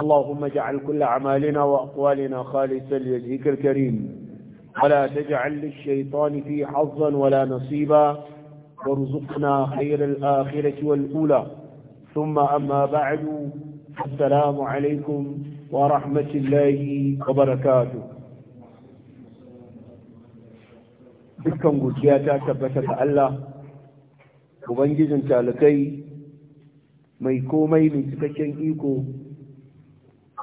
اللهم اجعل كل أعمالنا وأقوالنا خالصا لوجهك الكريم ولا تجعل للشيطان في حظا ولا نصيبا وارزقنا خير الآخرة والأولى ثم أما بعد السلام عليكم ورحمة الله وبركاته dukkan godiya ta tabbata ga Allah ubangijin talakai mai komai mai cikakken iko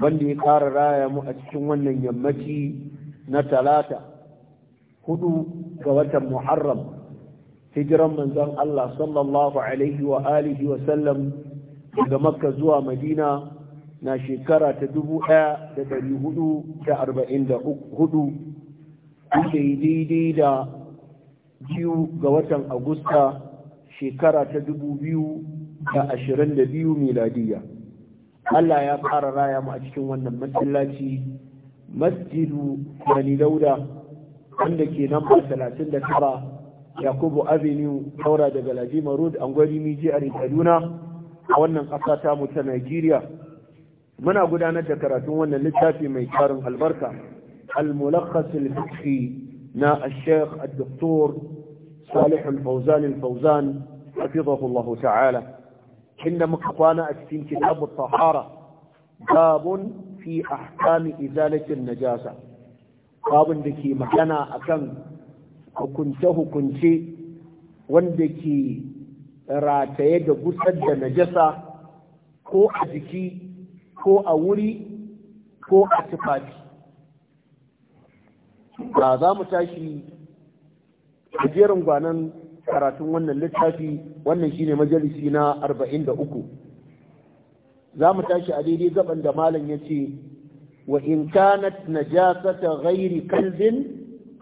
wanda ya ƙara raya mu a cikin wannan yammaci na talata hudu ga watan muharram hijiran manzon Allah sallallahu alaihi wa alihi wa sallam daga makka zuwa madina na shekara ta dubu ɗaya da ɗari hudu da arba'in da hudu daidai da biyu ga watan agusta shekara ta dubu biyu da ashirin da biyu miladiyya Allah ya fara raya mu a cikin wannan masallaci masjidu Bani Dauda wanda ke nan ba talatin da tara Yakubu Avenue Daura daga Galajima Road Angwari Miji a Kaduna a wannan ƙasa ta mu ta Najeriya muna gudanar da karatun wannan littafi mai tarin albarka al-mulakhas al-fiqhi na al-Sheikh al-Doktor Salih al-Fawzan al-Fawzan inda muka kwana a cikin kitabu tahara babun fi ahkami izalatin najasa babun da ke magana akan hukunce-hukunce wanda ke rataye da gusar da najasa ko a jiki ko a wuri ko a tufafi ba za mu tashi a jerin gwanan karatun wannan littafi wannan shine majalisi na 43 zamu tashi a daidai gaban da malam yace wa in kanat najasata ghairi kalbin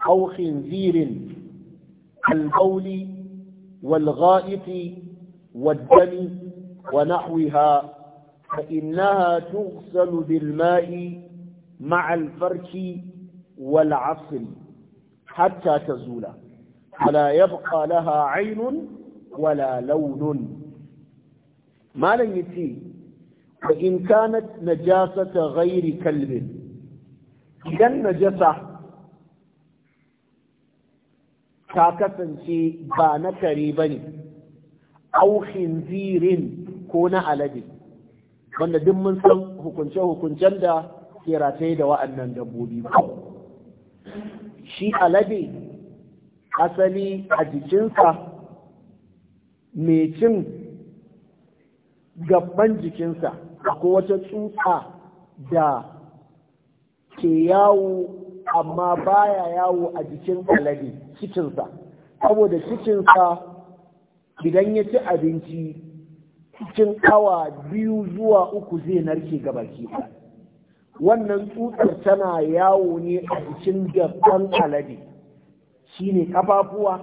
aw khinzirin al bawli wal gha'iti wad dami wa nahwiha fa innaha tughsalu bil ma'i ma'a al-farki wal 'asl hatta tazula ولا يبقى لها عين ولا لون ما لن يتي وإن كانت نجاسة غير كلب إذا نجسة ta kasance ba na kare ba ne, aukin zirin ko na alade, wanda duk mun san hukunce-hukuncen da ke rataye da wa'annan dabbobi. Shi alade asali a jikinsa mai cin gaban jikinsa akwai wata tsutsa da ke yawo amma baya yawo a jikin alade cikinsa saboda cikinsa idan ya ci abinci cikin awa biyu zuwa uku zai narke gabaki wannan tsutsar tana yawo ne a jikin gaban alade shine kafafuwa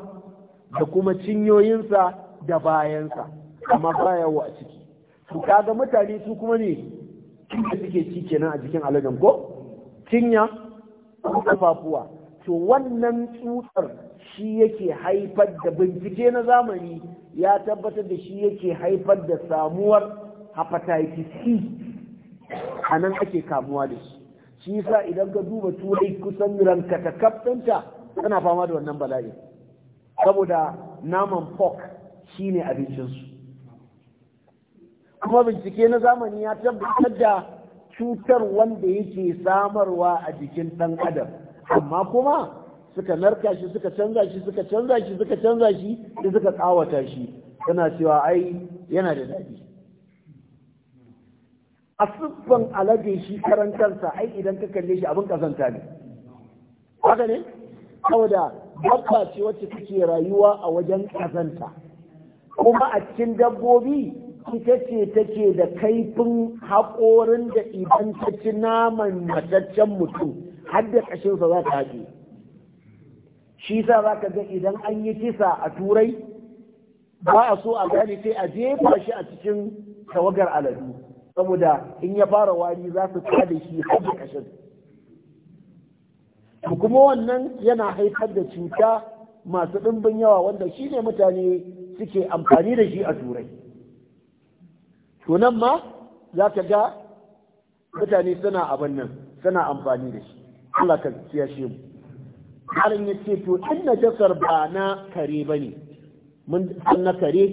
da kuma cinyoyinsa da bayansa amma baya wa a ciki ka kaga mutane su kuma ne da suke ci kenan a jikin aladen ko cinya kafafuwa to wannan tsutsar shi yake haifar da bincike na zamani ya tabbatar da shi yake haifar da samuwar hepatitis C a nan ake kamuwa da shi shi yasa idan ka duba turai kusan ranka ta kaftanta suna fama da wannan bala'i saboda naman pork shine abincinsu kuma bincike na zamani ya tabbatar da cutar wanda yake samarwa a jikin ɗan adam amma kuma suka narka shi suka canza shi suka canza shi suka canza shi da suka tsawata shi tana cewa ai yana da daɗi a siffan alade shi karantar sa ai idan ka kalle shi abin kazanta ne haka ne saboda dabba ce wacce take rayuwa a wajen kazanta. kuma a cikin dabbobi ita ce take da kaifin haƙorin da idan ta ci naman mataccen mutum har da ƙashinsa za ta haɗe shi sa za ka ga idan an yi kisa a turai ba a so a gane sai a jefa shi a cikin tawagar aladu saboda in ya fara wari za su kada shi har da ƙashin kuma wannan yana haifar da cuta masu ɗimbin yawa wanda shi ne mutane suke amfani da shi a turai tunan ma za ka ga mutane suna abin nan suna amfani da shi Allah ka shi mu harin ya ce to in jasar ba na kare ba ne mun san na kare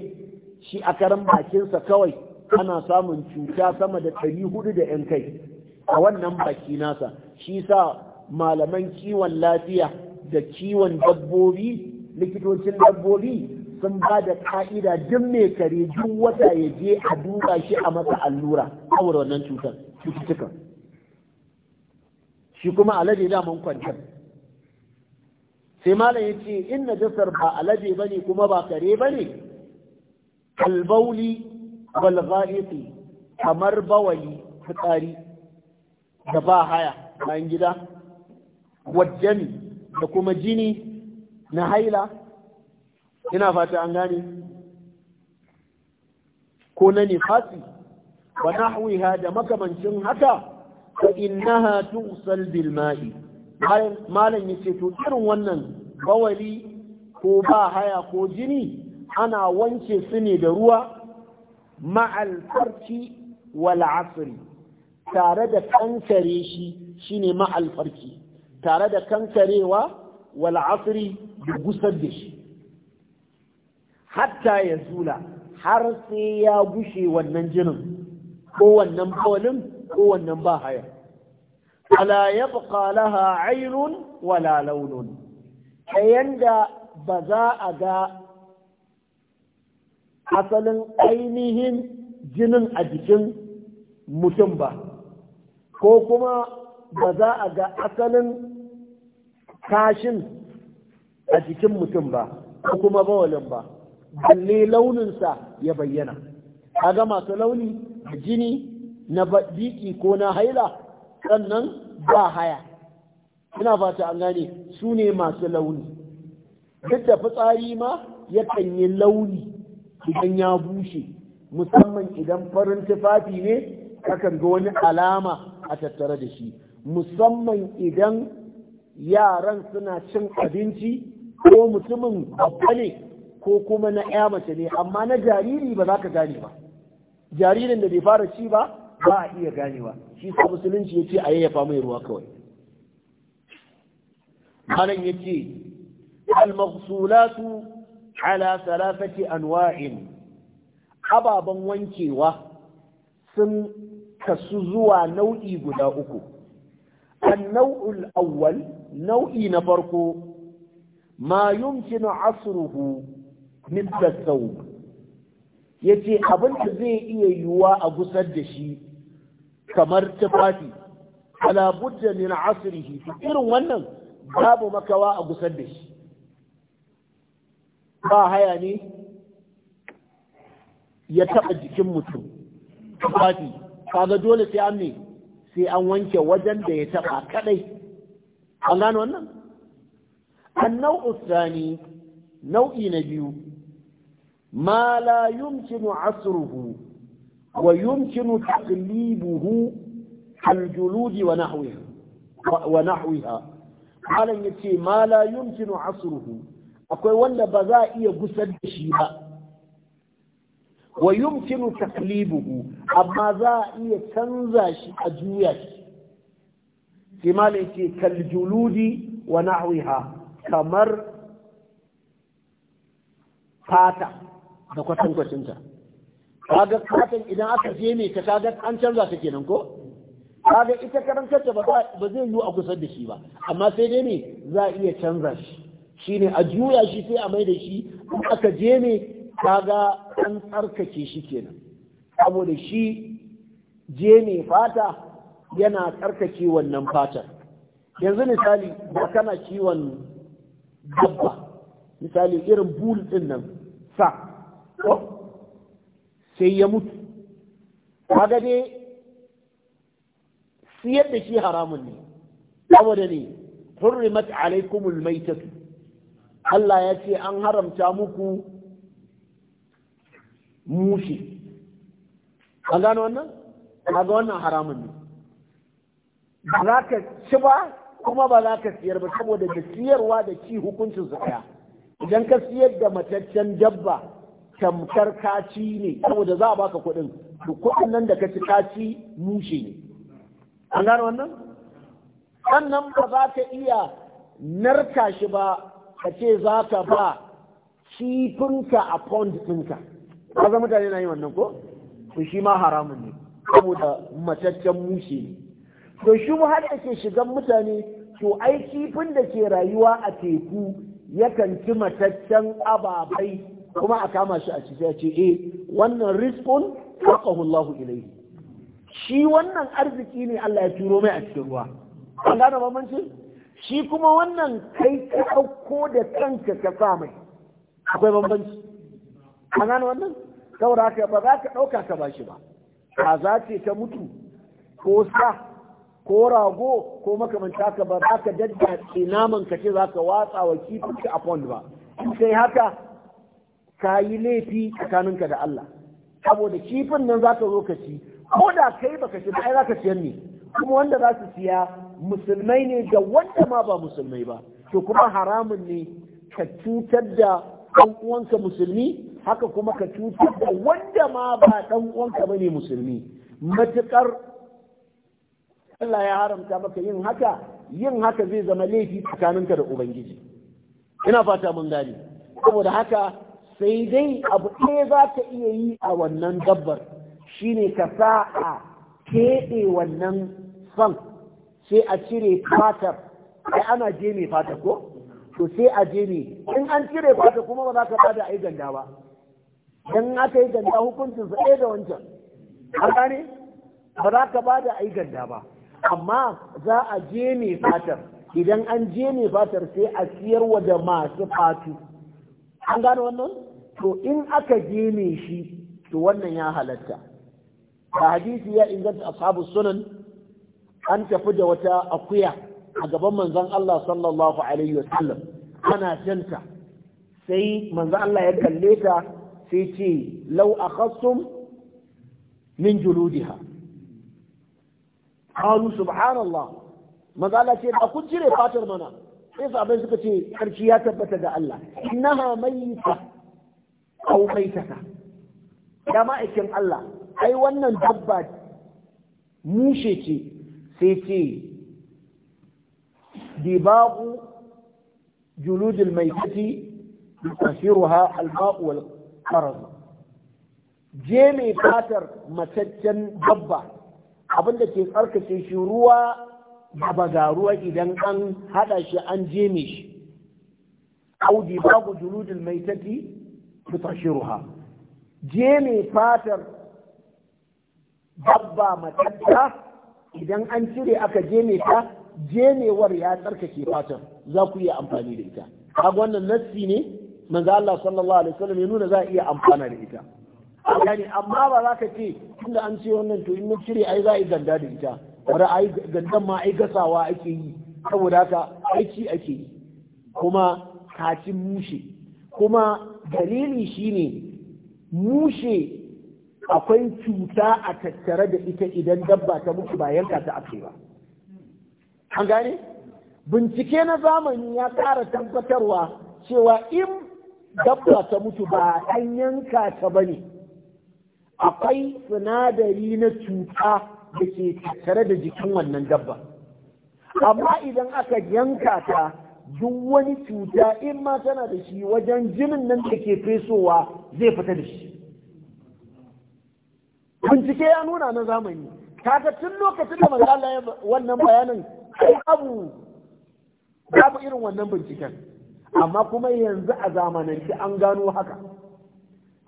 shi a karan bakinsa kawai ana samun cuta sama da ɗari hudu da ‘yan kai a wannan baki nasa shi sa malaman kiwon lafiya da kiwon dabbobi likitocin dabbobi sun ba da ka'ida duk mai kare duk wata ya je a duba shi a masa allura saboda wannan cutar cututtukan shi kuma alade daman kwantar sai malam ya ce in najasar ba alade ba ne kuma ba kare ba ne kalbauli walghaiti kamar bawali fitsari da ba haya bayan gida wajjani da kuma jini na haila ina fata an gane ko na nifasi wa nahwiha da makamancin haka ko innaha tusal bil ma'i malan yace to irin wannan bawali ko ba haya ko jini ana wanke su ne da ruwa ma'al farki wal asri tare da kankare shi shine ma'al farki tare da kankarewa wal asri da gusar da shi hatta ya zula har sai ya gushe wannan jinin ko wannan bolin ko wannan ba haya ala yabqa laha aynun wala launun yanda ba za a ga asalin ainihin jinin a jikin mutum ba ko kuma ba za a ga asalin kashin a jikin mutum ba ko kuma bawalin ba balle launinsa ya bayyana A ga masu launi da jini na baɗiƙi ko na haila sannan ba haya ina fata an gane su ne masu launi duk da fitsari ma yakan yi launi idan ya bushe musamman idan farin tufafi ne akan ga wani alama a tattare da shi musamman idan yaran suna cin abinci ko mutumin babba ne ko kuma na ya mace ne amma na jariri ba za ka gane ba jaririn da bai fara ci ba ba a iya ganewa shi sa musulunci ya ce a yayyafa mai ruwa kawai malam ya ce almagsulatu ala salafati anwa'in ababen wankewa sun kasu zuwa nau'i guda uku النوع الأول نوعي نفرق ما يمكن عصره مثل Ya ce abin da zai iya yiwuwa a gusar da shi kamar tufafi ala budda min asrihi irin wannan babu makawa a gusar da shi ba haya ne ya taɓa jikin mutum tufafi kaga dole sai an ne sai an wanke wajen da ya taɓa kaɗai an gano wannan an nau'u nau'i na biyu ma la yumkinu asruhu wa yumkinu taqlibuhu al-juludi wa nahwiha wa nahwiha malan yace ma la yumkinu asruhu akwai wanda ba za a iya gusar da shi ba wa yumkinu taklibuhu amma za a iya canza shi a juya shi sai malai ce kaljuludi wa nahwiha kamar fata da kwatankwacinta kaga fatan idan aka je ne ta kaga an canza ta kenan ko kaga ita karantarta ba zai yiwu a kusa da shi ba amma sai dai ne za a iya canza shi shine a juya shi sai a mai da shi aka je ne kaga an tsarkake shi kenan saboda shi je ne fata yana tsarkake wannan fatar yanzu misali ba kana kiwon dabba misali irin bul din nan sa sai ya mutu kaga dai siyar da shi haramun ne saboda ne hurrimat alaikumul maitatu Allah ya ce an haramta muku mushi an gano wannan kaga wannan haramun ne ba za ka ci ba kuma ba za ka siyar ba saboda da siyarwa da ci hukuncin su daya idan ka siyar da mataccen dabba tamkar kaci ne saboda za a baka kuɗin to kuɗin nan da ka ci kaci mushe ne an gano wannan sannan ba za ka iya narka shi ba ka ce za ka ba cifinka a pond ɗinka kaza mutane na yi wannan ko to shi ma haramun ne saboda mataccen mushe ne to shi mu har ke shigan mutane to ai kifin da ke rayuwa a teku yakan ci mataccen ababai kuma a kama shi a ciki ce eh wannan rizqun faqahu Allah ilayhi shi wannan arziki ne Allah ya turo mai a cikin ruwa an gane bambanci shi kuma wannan kai ka dauko da kanka ka sa akwai bambanci an gano wannan saboda haka ba za ka ɗauka ka ba shi ba za ce ta mutu ko sa ko rago ko makamanta ka ba za ka daddace naman ka ce za ka watsa wa kifin ka a pond ba in haka ka yi laifi tsakaninka da Allah saboda kifin nan za ka zo ka ci ko da kai baka ci ai za ka siyar ne kuma wanda za su siya musulmai ne da wanda ma ba musulmai ba to kuma haramun ne ka cutar da ɗan uwanka musulmi haka kuma ka cutar da wanda ma ba dan uwanka bane musulmi matukar Allah ya haramta maka yin haka yin haka zai zama laifi tsakaninka da ubangiji ina fata mun gane saboda haka sai dai abu ɗaya za ka iya yi a wannan dabbar shine ka sa a keɗe wannan son sai a cire fatar sai ana je mai fatar ko to sai a je ne in an cire fata kuma ba za ka bada ai ganda ba Idan aka yi ganda hukuncin su ɗaya da wancan an gane ba za ka ba da ai ganda ba amma za a je ne fatar idan an je ne fatar sai a siyarwa da masu fatu an gane wannan to in aka je ne shi to wannan ya halatta ba hadisi ya inganta ashabu sunan an tafi da wata akuya a gaban manzon Allah sallallahu alaihi wasallam ana janta sai manzon Allah ya kalle ta sai ce lau akhassum min juludiha qalu subhanallah maza Allah ce ba kun cire fatar mana sai sahabbai suka ce karshi ya tabbata ga Allah innaha mayyita aw maitata ya ma'aikin Allah ai wannan dabba mushe ce sai ce dibagu juludul maitati yutahhiruha al-ma'u wal maradu je mai fatar mataccen dabba abinda ke tsarkace shi ruwa da baga ruwa idan an hada shi an je mai shi audi babu su maitati tutashiruha je mai fatar babba matacca idan an cire aka je mai ta jenewar ya tsarkake fatar za ku iya amfani da ita kaga wannan nassi ne manzo Allah sallallahu alaihi wasallam ya nuna za a iya amfana da ita yani amma ba za ka ce tunda an ce wannan to in mun cire ai za a yi ganda da ita bari ai gandan ma ai gasawa ake yi saboda haka aiki ake yi kuma kacin mushe kuma dalili shine mushe akwai cuta a tattare da ita idan dabba ta mutu ba yanka ta ake ba an gane bincike na zamani ya ƙara tabbatarwa cewa in dabba ta mutu ba an yanka ta ba ne akwai sinadari na cuta da ke tattare da jikin wannan dabba amma idan aka yanka ta duk wani cuta in ma tana da shi wajen jinin nan da ke fesowa zai fita da shi bincike ya nuna na zamani kaga tun lokacin da manzo Allah wannan bayanin abu babu irin wannan binciken amma kuma yanzu a zamanance an gano haka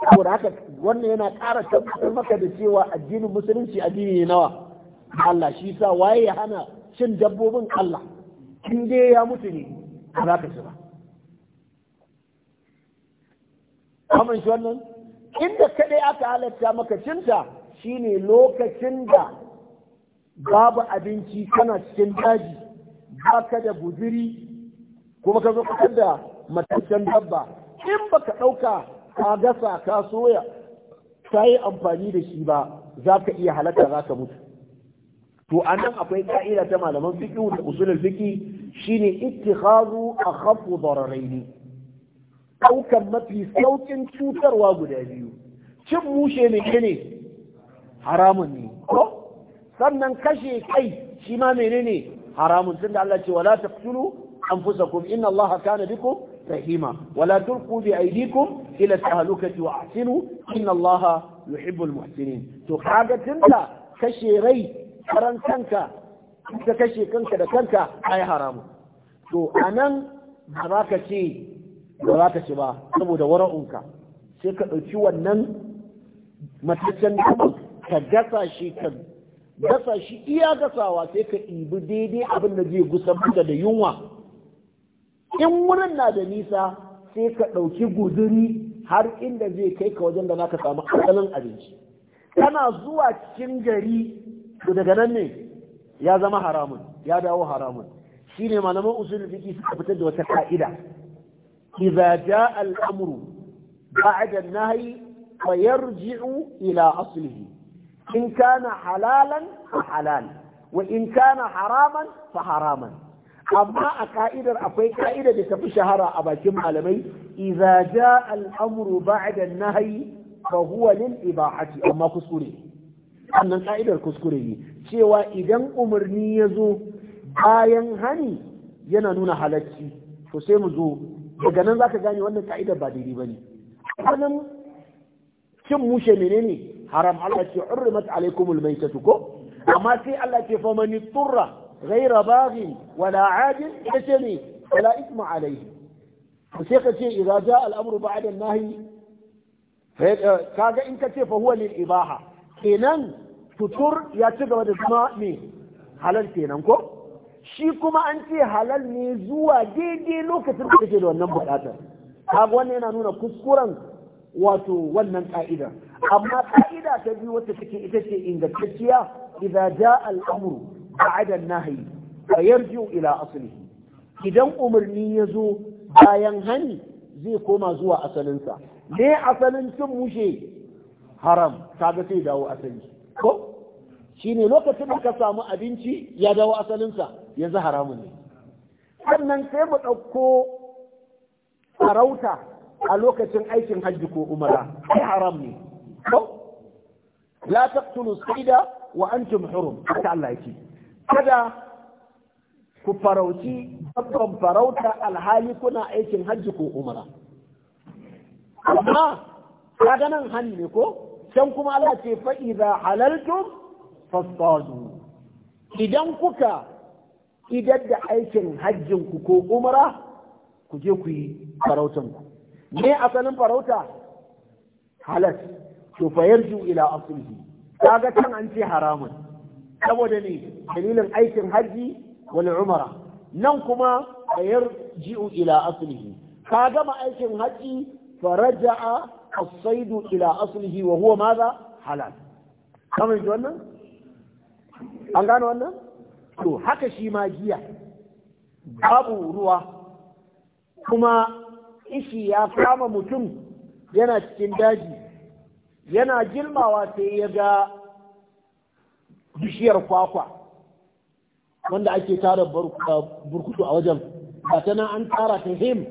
saboda haka wannan yana ƙara tabbatar maka da cewa addinin musulunci addini ne nawa Allah shi sa waye ya hana cin dabbobin Allah in dai ya mutu ne a za ka ci ba kamar shi wannan inda kadai aka halatta maka cinta shine lokacin da babu abinci kana cikin daji baka da guziri kuma ka zo fitar da mataccen dabba in baka ɗauka ka gasa ka soya ka yi amfani da shi ba za ka iya halaka za ka mutu to a nan akwai ka'ida ta malaman fiqhu da usulul fiqi shine ittikhadhu akhaffu dararaini ɗaukar mafi saukin cutarwa guda biyu cin mushe menene haramun ne ko sannan kashe kai shi ma menene haramun tunda Allah ce wala taqtulu أنفسكم إن الله كان بكم رحيما ولا تلقوا بأيديكم إلى التهلكة وأحسنوا إن الله يحب المحسنين تحاجة تنسى كشيري karan kanka ka kashe kanka da kanka ai haramu to anan ba za ka ce ba za ka ci ba saboda wara'unka sai ka ɗauki wannan mataccen naman ka gasa shi ka gasa shi iya gasawa sai ka ibi daidai abin da zai gusa da yunwa in wurin na da nisa sai ka ɗauki guduri har inda zai kai ka wajen da naka samu asalin abinci kana zuwa cikin gari to daga nan ne ya zama haramun ya dawo haramun shine malaman usulul fiqh suka fitar da wata ka'ida idza jaa al-amru ba'da an-nahyi fa yarji'u ila aslihi in kana halalan fa halal wa in kana haraman fa haraman amma a ka'idar akwai ka'ida da tafi shahara a bakin malamai idza jaa al-amru ba'da an-nahyi fa huwa lil ibahati amma kuskure wannan ka'idar kuskure ne cewa idan umarni ya zo bayan hani yana nuna halacci to sai mu zo daga nan zaka gane wannan ka'idar ba daidai bane wannan kin mushe menene haram Allah ce hurrimat alaikumul maitatu ko amma sai Allah ce fa man turra غير باغ ولا عاد كشني ولا إثم عليه وشيخ شيء إذا جاء الأمر بعد النهي kaga in ka ce fa huwa lil ibaha kenan futur ya ci gaba da zama ne halal kenan ko shi kuma an ce halal ne zuwa daidai lokacin da kake da wannan buƙatar kaga wannan yana nuna kuskuren wato wannan ka'ida amma ka'ida ta biyu wacce take ita ce ingantacciya idza ja al-amru بعد النهي ila إلى Idan umarni ya zo, bayan hani zai koma zuwa asalinsa ne asalin cin mushe haram kaga sai dawo asali ko lokacin da ka samu abinci ya dawo asalinsa yanzu haramun ne sannan sai mu ɗauko sarauta a lokacin aikin hajji ko umara sai haram ne ko la wa antum hurum haka Allah kada ku farauci babban farauta alhali kuna aikin hajji ko umara amma kaga nan hannu ko can kuma Allah ce fa idza halaltum fasadu idan kuka idan da aikin hajjin ku ko umara ku je ku yi farautan ku me asalin farauta halal to fa yarju ila aslihi kaga can an ce haramun saboda ne dalilin aikin hajji wani umara nan kuma bayar ji'u ila aslihi ka gama aikin hajji faraja'a as-sayd ila aslihi wa huwa madha halal kamar ji wannan an gano wannan to haka shi ma giya babu ruwa kuma ishi ya kama mutum yana cikin daji yana girmawa sai ya ga bishiyar kwakwa wanda ake tara uh, burkutu a wajen ba ta nan an tara ta him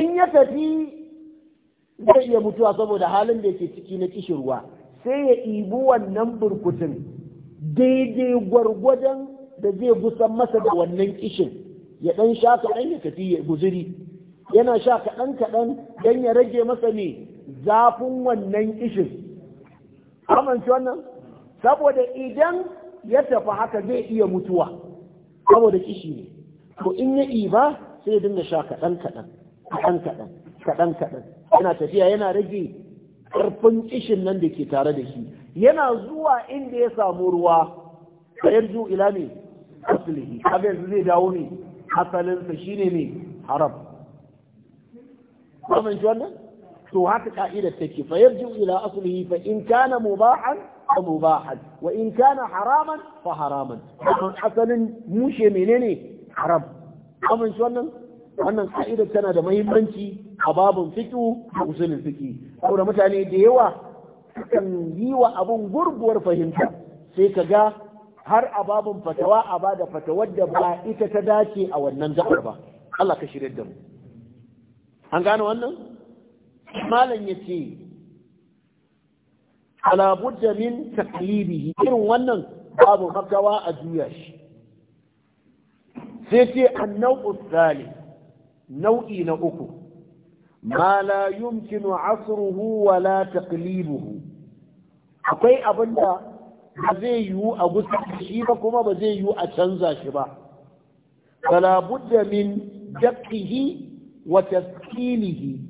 in ya tafi zai iya mutuwa saboda halin da yake ciki na kishirwa sai ya ibi wannan burkutun daidai gwargwadon da zai gusan masa da wannan kishin ya ɗan sha kaɗan ya tafi ya guziri yana sha kaɗan kaɗan don ya rage masa ne zafin wannan kishin amince wannan saboda idan ya tafi haka zai iya mutuwa saboda kishi ne to in ya ba sai dinga sha kaɗan kaɗan kaɗan kaɗan kaɗan kaɗan yana tafiya yana rage ƙarfin kishin nan da ke tare da shi yana zuwa inda ya samu ruwa sayarju ila ne asalihi kaga yanzu zai dawo ne asalinsa shine ne haram kuma shi wannan to haka ka'ida take fa yarju ila aslihi fa in kana mubahan mubahan wa in kana haraman fa haraman mushe menene haram amince wannan wannan ka'idar tana da mahimmanci, a babun fiqh da usulul fiqh saboda mutane da yawa kan yi wa abun gurguwar fahimta sai ka ga har a babun fatawa a ba da fatawar da ba ita ta dace a wannan gabar ba Allah ka shirya da mu an gano wannan malam yace ala budda min irin wannan babu makawa a juya shi sai ce annau tsali nau'i na uku ma la yumkinu asruhu wa la taqlibuhu akwai abinda ba zai yiwu a gusa shi ba kuma ba zai yiwu a canza shi ba fala budda min daqihi wa taskilihi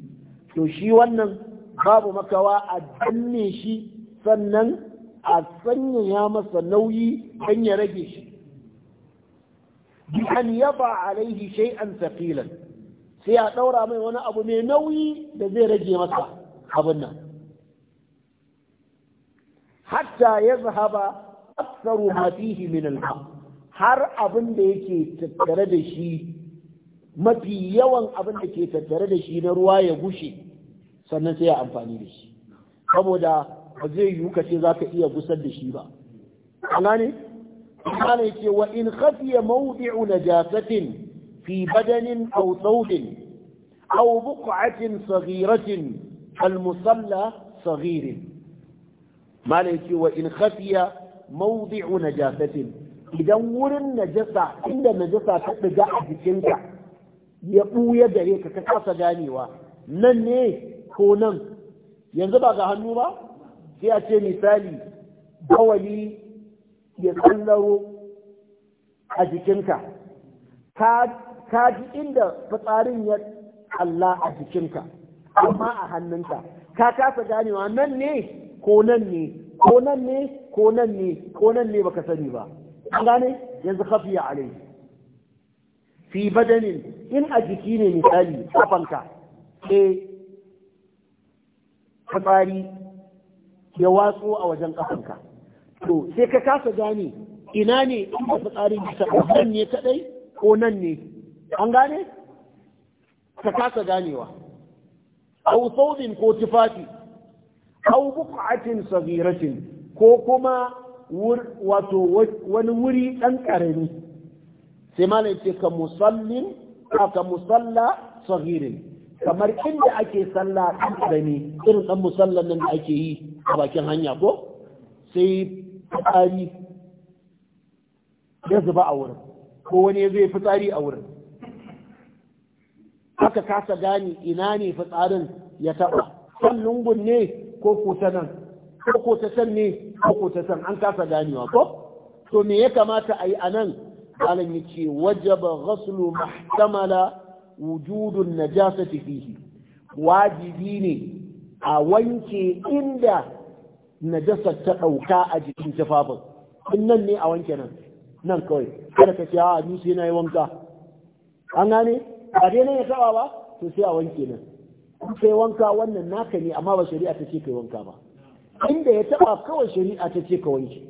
to shi wannan babu makawa a danne shi sannan a sanyaya masa nauyi don ya rage shi bi an yaba alaihi shay'an thaqilan sai a ɗaura mai wani abu mai nauyi da zai rage masa abin nan hatta yazhaba aktharu ma fihi min al har abin da yake tattare da shi mafi yawan abin da ke tattare da shi na ruwa ya gushe sannan sai ya amfani da shi saboda ba zai yiwu ka ce za ka iya gusar da shi ba ana ne ana ce wa in khafiya mawdi'u najasatin fi badanin aw thawbin aw buq'atin saghiratin al musalla saghir malai ce wa in khafiya mawdi'u najasatin idan wurin najasa inda najasa ta ɗiga a jikinka ya buya gare ka ka kasa ganewa nan ne ko nan yanzu ba ga hannu ba sai a ce misali bawali ya tsallaro a jikinka ka ji inda fitsarin ya tsalla a jikinka amma a hannunka ka kasa ganewa nan ne ko nan ne ko nan ne ko nan ne ko nan ne baka sani ba an gane yanzu ya alai fi badanin in a jiki ne misali kafanka ke eh, fitsari ya watsu a wajen kafanka to sai ka kasa gane ina ne in inda fitsarin bisa nan ne kadai ko nan ne an gane ka kasa ganewa au saudin ko tufafi au buqatin saghiratin ko kuma wato wani wuri ɗan ƙarami sai malai ce ka musallin ka musalla saghirin kamar inda ake sallah dan karami irin ɗan musallan nan da ake yi a bakin hanya ko sai fitsari ya zuba a wurin ko wani ya zai fitsari a wurin haka kasa gane ina ne fitsarin ya taɓa kan lungun ne ko kotanan ko kotatan ne ko kotatan an kasa ganewa ko to me ya kamata a yi a nan malam ya ce wajaba ghaslu mahtamala wujudun najasati fihi wajibi ne a wanke inda Najasta ta ɗauka a jikin tufafin in nan ne a wanke nan nan kawai kada ka ce a ni na yi wanka an gane ba dai nan ya taba ba to sai a wanke nan in kai wanka wannan naka ne amma ba shari'a ta ce kai wanka ba inda ya taba kawai shari'a ta ce ka wanke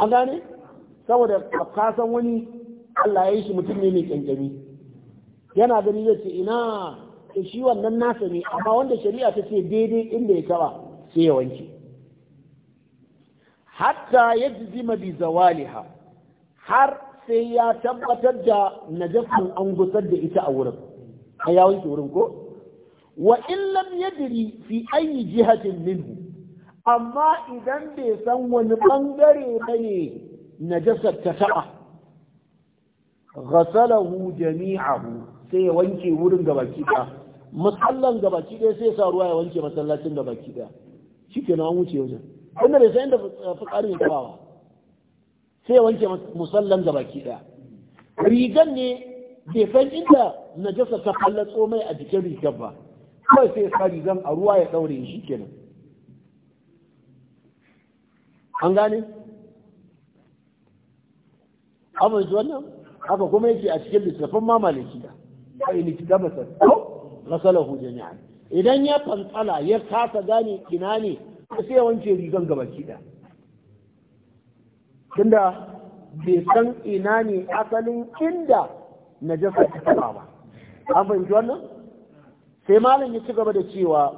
an gane saboda ka san wani Allah ya yi shi mutum ne mai kyankyami yana gani zai ce ina shi wannan nasa ne amma wanda shari'a ta ce daidai inda ya taba sai ya wanke hatta yajzima bi zawaliha har sai ya tabbatar da najasin an gusar da ita a wurin a yawon wurin ko wa in lam yadri fi ayi jihatin minhu amma idan bai san wani bangare bane najasar ta taba ghasalahu jami'ahu sai ya wanke wurin baki ɗaya musallan gabaki ɗaya sai ya sa ruwa ya wanke masallacin baki ɗaya shikenan an wuce wajen wanda bai san inda fukari ne taba sai wanke musallan da baki daya rigan ne bai san inda jasa ta fallatso mai a jikin rigar ba kawai sai sa rigan a ruwa ya daure shi kenan an gane abin wannan haka kuma yake a cikin littattafan ma malikiya kai ni kitabata ko gasalahu jami'an idan ya fantsala ya kasa gane ina ne sai ya wanke rigan gaba ɗaya tunda bai san ina ne asalin inda najasa ta taba ba an fahimci wannan sai malam ya ci gaba da cewa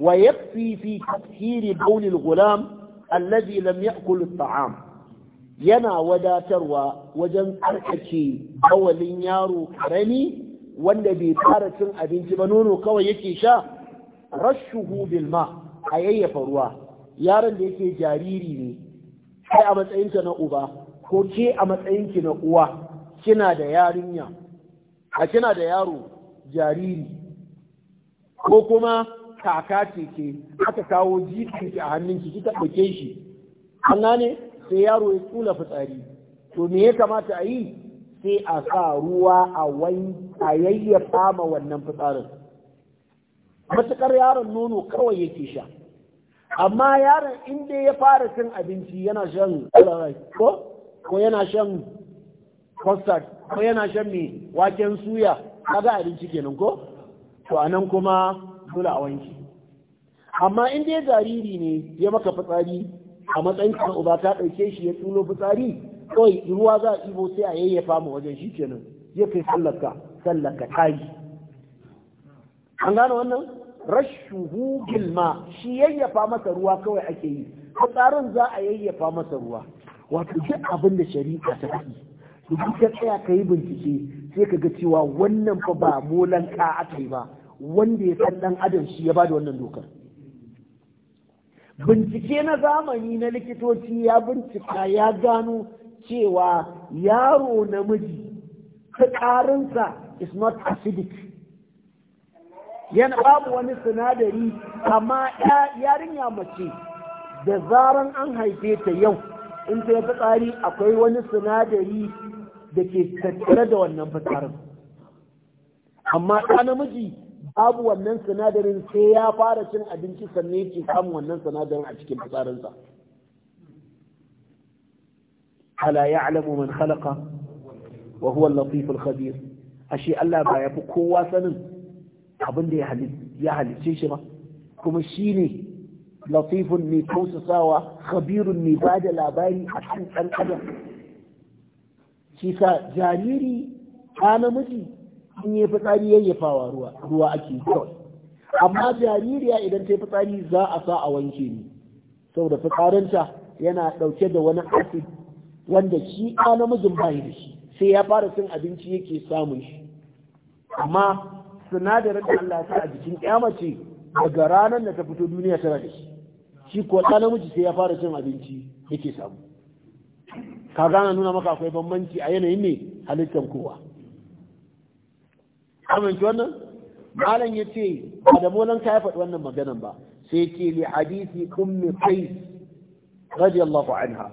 wa yakfi fi tathiri bawl al-ghulam lam ya'kul taam yana wadatarwa wajen karkace bawalin yaro karami wanda bai fara cin abinci ba nono kawai yake sha rashuhu bil ma' a yayyafa ruwa yaron da yake jariri ne kai a matsayinka na uba ko ke a matsayinki na uwa kina da yarinya a kina da yaro jariri ko kuma kaka ce ke aka kawo jikinki a hannunki kika ɗauke shi an gane sai yaro ya tsula fitsari to me ya kamata a yi sai a sa ruwa a yayyafa ma wannan fitsarin matuƙar yaron nono kawai yake sha amma yaron inda ya fara cin abinci yana shan alarai ko ko yana shan custard ko yana shan mai waken suya kaga abinci kenan ko to anan kuma dole a wanki amma in ya jariri ne ya maka fitsari a matsayin ka uba ta ɗauke shi ya tsulo fitsari kawai ruwa za a ibo sai a yayyafa mu wajen shi kenan ya kai sallaka sallaka kai an gano wannan rashuhu bilma shi yayyafa masa ruwa kawai ake yi tsarin za a yayyafa masa ruwa wato duk abin da shari'a ta faɗi idan ka tsaya ka bincike sai kaga cewa wannan fa ba molan ka aka yi ba wanda ya san dan adam shi ya bada wannan dokar bincike na zamani na likitoci ya bincika ya gano cewa yaro namiji karinsa is not acidic yana babu wani sinadari amma yarinya mace da zaran an haife ta yau in ta yi fitsari akwai wani sinadari da ke tattare da wannan fitsarin amma ta namiji babu wannan sinadarin sai ya fara cin abinci sannan ke samun wannan sinadarin a cikin fitsarinsa ala ya'lamu man khalaqa wa huwa al khabir ashe Allah ba yafi kowa sanin abin da ya halice shi ba kuma shi ne latifun mai kausasawa khabirun mai ba da labari a kan ɗan adam shi sa jariri ta namiji in yi fitsari yayyafawa ruwa ruwa ake kawai amma jaririya idan ta yi fitsari za a sa a wanke ni saboda fitsarinta yana ɗauke da wani acid wanda shi ɗa namijin bayi da shi sai ya fara cin abinci yake samun shi amma sinadarin da Allah ya a jikin ce, daga ranar da ta fito duniya ta da shi shi ko ɗan namiji sai ya fara cin abinci yake samu ka gana nuna maka akwai bambanci a yanayin ne halittar kowa amince wannan malam ya ce ba da molan ka ya faɗi wannan maganan ba sai ke li hadisi ummi qais radiyallahu anha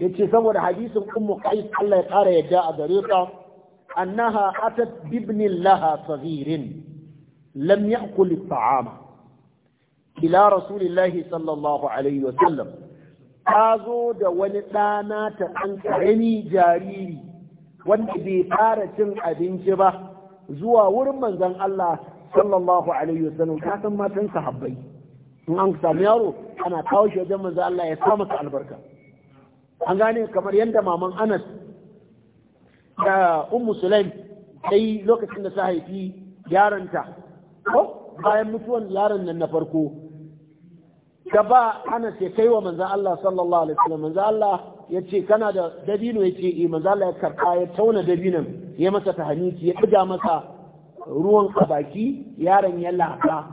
yace saboda hadisin ummi qais Allah ya ƙara yadda a gare ta annaha atat bibnin laha sagirin lam ya'kul ta'ama ila rasulillahi sallallahu alaihi wasallam ta zo da wani ɗana ta ɗan ƙarami jariri wanda bai fara cin abinci ba zuwa wurin manzon Allah sallallahu alaihi wasallam ta san matan sahabbai in an samu yaro ana kawo shi wajen manzon Allah ya sa albarka an gane kamar yadda maman Anas da ummu sulaim sai lokacin da ta haifi yaronta ko bayan mutuwan yaron nan na farko ta ba ana ce kai wa manzo Allah sallallahu alaihi wasallam manzo Allah ya ce kana da dabino ya ce eh Allah ya karba ya tauna dabinan ya masa tahaniki ya buga masa ruwan a baki yaron ya laka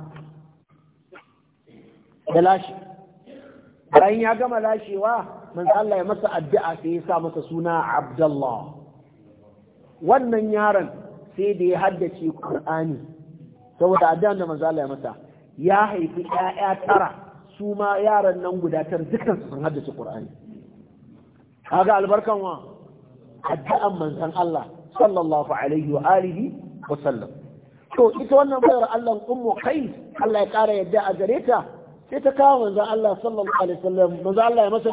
ya lashe bayan ya gama lashewa manzo Allah ya masa addu'a sai ya sa masa suna Abdullah wannan yaron sai da ya haddace Qur'ani saboda addu'an da manzo Allah ya masa ya haifi ƴaƴa tara su ma yaran nan gudatar dukkan sun haddace Qur'ani kaga albarkan wa addu'an manzon Allah sallallahu alaihi wa alihi wa sallam to ita wannan bayar Allah ummu kai Allah ya kara yadda a gare ta sai ta kawo manzon Allah sallallahu alaihi wa sallam manzon Allah ya masa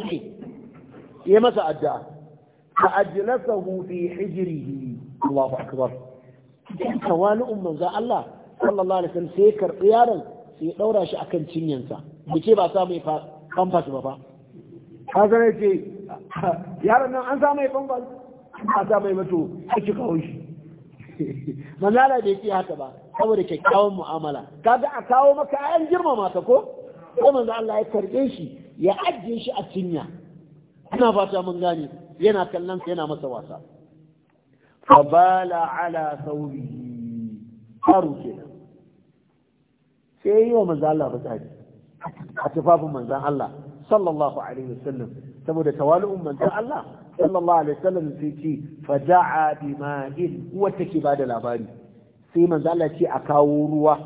ya masa addu'a فأجلسه في حجره الله أكبر توانئ من ذا الله صلى الله عليه وسلم سيكر قيارا sai ɗaura shi a cinyansa da ce ba samu famfas ba fa hasa ce yaron nan an samu famfas a samu mato a ci kawo shi manzala bai ce haka ba saboda kyakkyawan mu'amala Ka ga a kawo maka ayan girmama ka ko sai manzo Allah ya karɓe shi ya ajiye shi a cinya ina fata mun gane yana kallon sa yana masa wasa fabala ala sauri faru kenan sai yi wa manzo Allah fitsari a tufafin manzo Allah sallallahu alaihi wasallam saboda tawali'un manzo Allah sallallahu alaihi wasallam sai ce faja'a bima'in wata ke bada labari sai manzo Allah ce a kawo ruwa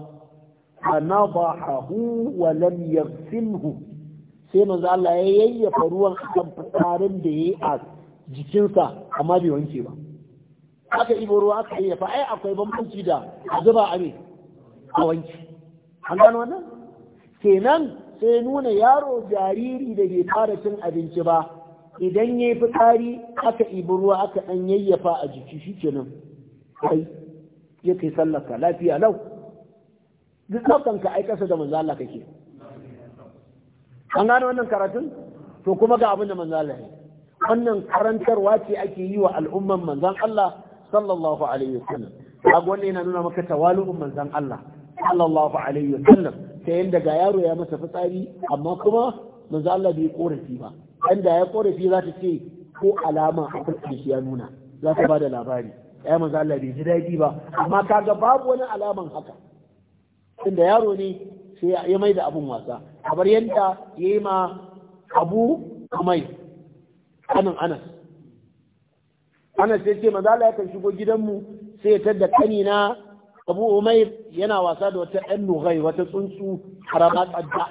fanadahu wa lam yaghsilhu sai manzo Allah ya yayyafa ruwan kan fitsarin da yayi a jikinsa amma bai wanke ba aka ibo ruwa aka yi yafa. ai akwai bambanci da zuba a ne a wanke an gano wannan kenan sai nuna yaro jariri da bai fara cin abinci ba idan yayi fitsari aka ibo ruwa aka dan yayyafa a jiki shikenan kai ya kai sallaka lafiya lau duk ɗaukan ka aikasa da manzo Allah kake an gano wannan karatun to kuma ga abin da manzo Allah ya wannan karantarwa ce ake yi wa al'umman manzan Allah sallallahu alaihi wasallam kaga wannan yana nuna maka tawalu'un manzan Allah sallallahu alaihi wasallam ta yadda ga yaro ya masa fitsari amma kuma manzon Allah bai korafi ba inda ya korafi za ta ce ko alama a kulkin shi ya nuna za ta bada labari ya manzon Allah bai ji daɗi ba amma kaga babu wani alaman haka inda yaro ne sai ya mai da abun wasa kamar yadda ya yi ma abu kamai anan anas anas ya ce maza Allah yakan shigo gidanmu sai ya tadda kani na abu umair yana wasa da wata ɗan nugai wata tsuntsu harama tsadda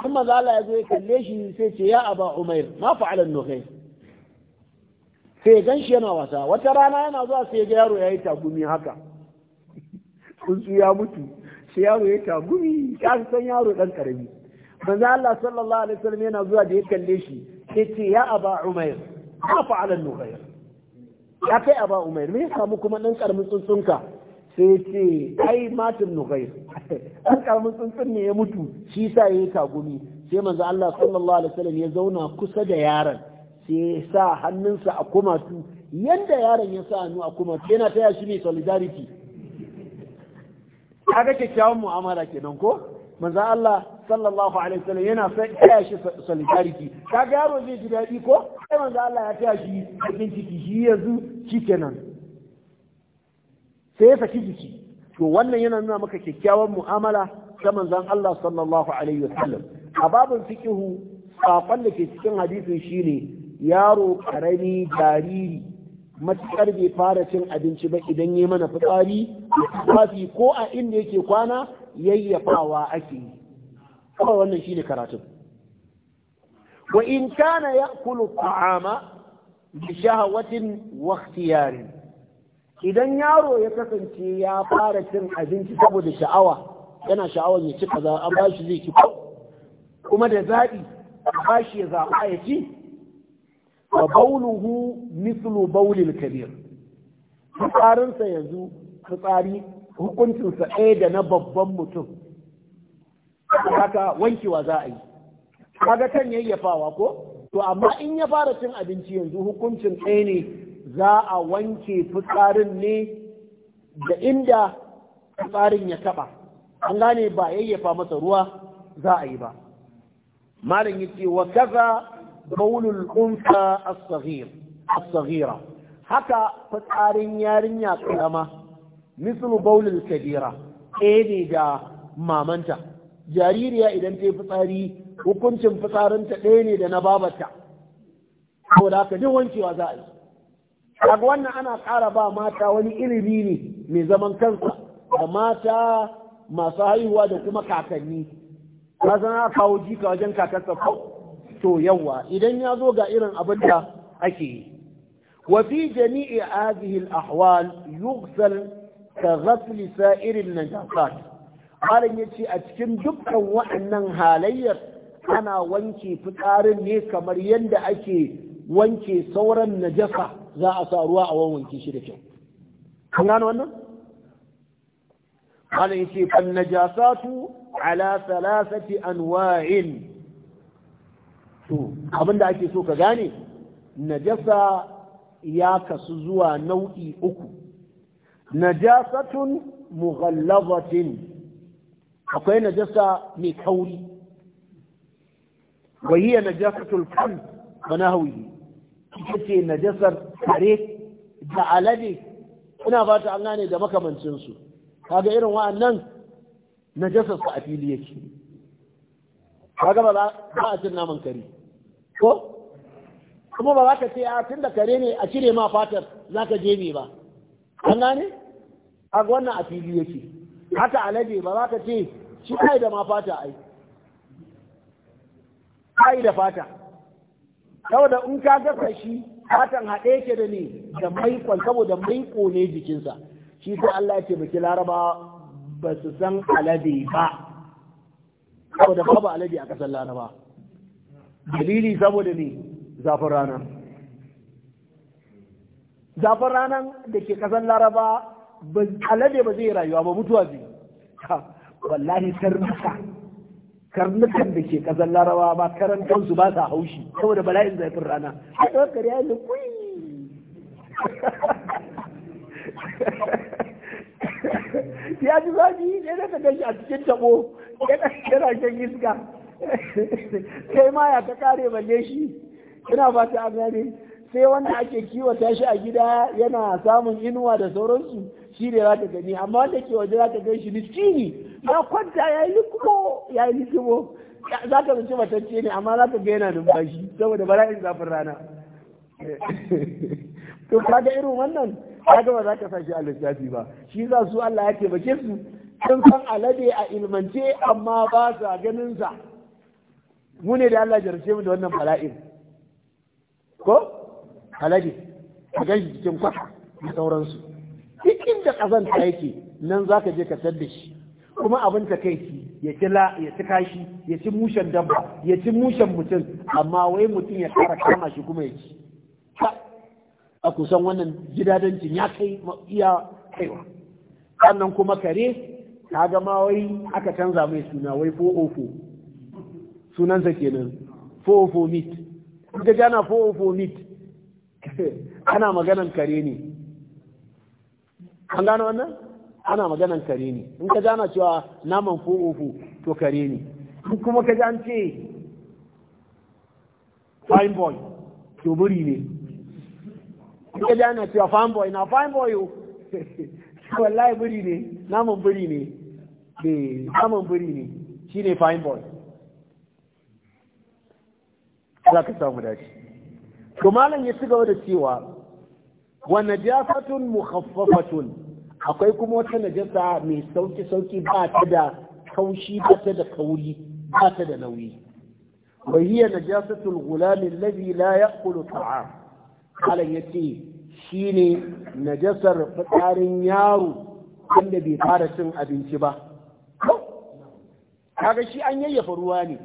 kuma maza Allah ya zo ya kalle shi sai ce ya aba umair ma fa'alan nugai sai gan shi yana wasa wata rana yana zuwa sai ga yaro ya yi tagumi haka tsuntsu ya mutu sai yaro ya tagumi ya san yaro ɗan ƙarami manzo Allah sallallahu alaihi wasallam yana zuwa da ya kalle shi sai ya aba umair ma fa'alan nughair ya kai aba umair me ya samu kuma dan karamin tsuntsunka sai ce ai matin nughair an karamin tsuntsun ne ya mutu shi sa yayi kagumi sai manzo Allah sallallahu alaihi wasallam ya zauna kusa da yaron sai ya sa hannunsa a kumatu yanda yaron ya sa hannu a kumatu yana taya shi ne solidarity kaga kyakkyawan mu'amala kenan ko manzo Allah sallallahu alaihi wasallam yana taya shi solidarity kaga yaro zai ji daɗi ko sai manzo Allah ya taya shi cikin ciki shi yanzu shikenan sai ya saki jiki to wannan yana nuna maka kyakkyawan mu'amala ta manzon Allah sallallahu alaihi wasallam a babun fiqhu sakon da ke cikin hadisin shine yaro karami jariri matukar bai fara cin abinci ba idan ya mana fitsari tufafi ko a inda yake kwana yayyafawa ake yi kawai wannan shine karatun wa in kana ya'kulu ta'ama bi shahawatin wa ikhtiyari idan yaro ya kasance ya fara cin abinci saboda sha'awa yana sha'awar ya ci kaza an bashi zai ci kuma da zaɓi bashi ya zaɓa ya ci wa bauluhu mislu baulil kabir fitsarinsa yanzu fitsari hukuncinsa ɗaya da na babban mutum haka wankewa za a yi kaga kan yayyafawa ko to amma in ya fara cin abinci yanzu hukuncin ɗaya ne za a wanke fitsarin ne da inda fitsarin ya taɓa an gane ba yayyafa masa ruwa za a yi ba malam yace wa kaza baulul unsa as-saghir as-saghira haka fitsarin yarinya karama mislu baulul kabira ɗaya ne da mamanta jaririya idan ta yi fitsari hukuncin fitsarinta ɗaya ne da na babata saboda haka duk wancewa za a yi daga wannan ana ƙara ba mata wani ilimi ne mai zaman kansa da mata masu haihuwa da kuma kakanni na a kawo jika wajen kakarsa ko to yawa idan ya zo ga irin abin da ake yi وفي جميع هذه الأحوال ka irin سائر النجاسات malam ya ce a cikin dukkan wa'annan halayyar ana wanke fitsarin ne kamar yadda ake wanke sauran najasa za a sa ruwa a wanke shi da kyau kan gano wannan malam ya ce fan najasatu ala salasati anwa'in to abinda ake so ka gane najasa ya kasu zuwa nau'i uku najasatun mughallazatin akwai najasa mai kauri wa hiya najasatul kan wa nahwihi ita ce najasar kare da alade ina ba ta an gane da makamancin su kaga irin wa'annan najasar su a fili yake kaga ba za a cin naman kare ko kuma ba za ka ce a tun da kare ne a cire ma fatar za ka je ne ba an gane a wannan a fili yake haka alade ba za ka ce shi ai da ma fata ai ai da fata saboda in ka gasa shi fatan haɗe yake da ne da maikon saboda maiko ne jikinsa shi sai Allah ce baki laraba ba su san alade ba saboda babu alade a ƙasar laraba dalili saboda ne zafin ranar. zafin ranar da ke ƙasar laraba alade ba zai rayuwa ba mutuwa zai wallahi karnuka karnukan da ke kazan larawa ba karantansu ba sa haushi saboda bala'in zafin rana a tsawon ya zai kuyi ya ji zafi ne na ka gashi a cikin tabo yana yana shan iska kai ma ya ta kare balle shi ina fata a gane sai wanda ake kiwata shi a gida yana samun inuwa da sauransu shi ne za ta gani amma wanda ke waje za ta gan shi miskini ya kwanta ya yi likumo ya yi likumo za ka mace matacce ne amma za ka ga yana numfashi saboda bala'in zafin rana to kaga irin wannan kaga ba za ka sa shi a lissafi ba shi za su Allah ya ke bace su sun san alade a ilmance amma ba sa ganin sa mu ne da Allah jarce mu da wannan bala'in ko alade a gan shi cikin kwata da sauransu duk inda ƙazanta yake nan za ka je ka da shi kuma abin ta kai ya ci la ya ci kashi ya ci mushen dabba ya ci mushen mutum amma wai mutum ya kara kama shi kuma ya ci a kusan wannan jidadancin ya kai iya kaiwa sannan kuma kare ka ga ma wai aka canza mai suna wai sunan oh sunansa kenan fo'ofo oh meat ga jana fo'ofo oh meat ana maganan kare ne an gano wannan ana maganan kare ne in ka gana cewa naman ofu to kare ne in kuma ka an ce fine boy to buri ne in ka gana cewa fine boy na fine boy yo wallahi buri ne naman buri ne be eh, naman buri ne shine fine boy za ka samu dace to malam ya ci gaba da cewa wa najasatun mukhaffafatun akwai kuma wata najasa mai sauki sauki ba ta da kaushi ba ta da kauri ba ta da nauyi wa hiya najasatul ghulam alladhi la ya'kulu ta'am halan yace shine najasar fitsarin yaro wanda bai fara cin abinci ba kaga shi an yayyafa ruwa ne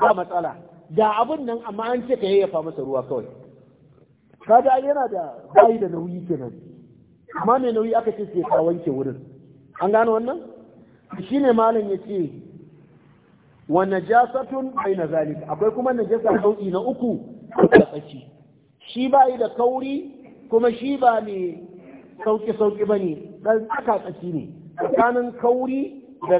ba matsala da abun nan amma an ce ka yayyafa masa ruwa kawai Kada yana da bayi da nauyi kenan amma mai nauyi aka ce sai ka wanke wurin an gano wannan shine malam yace wa najasatun baina zalika akwai kuma najasa nau'i na uku da tsaki shi bayi da kauri kuma shi ba mai sauki sauki bane dan tsaka tsaki ne tsakanin kauri da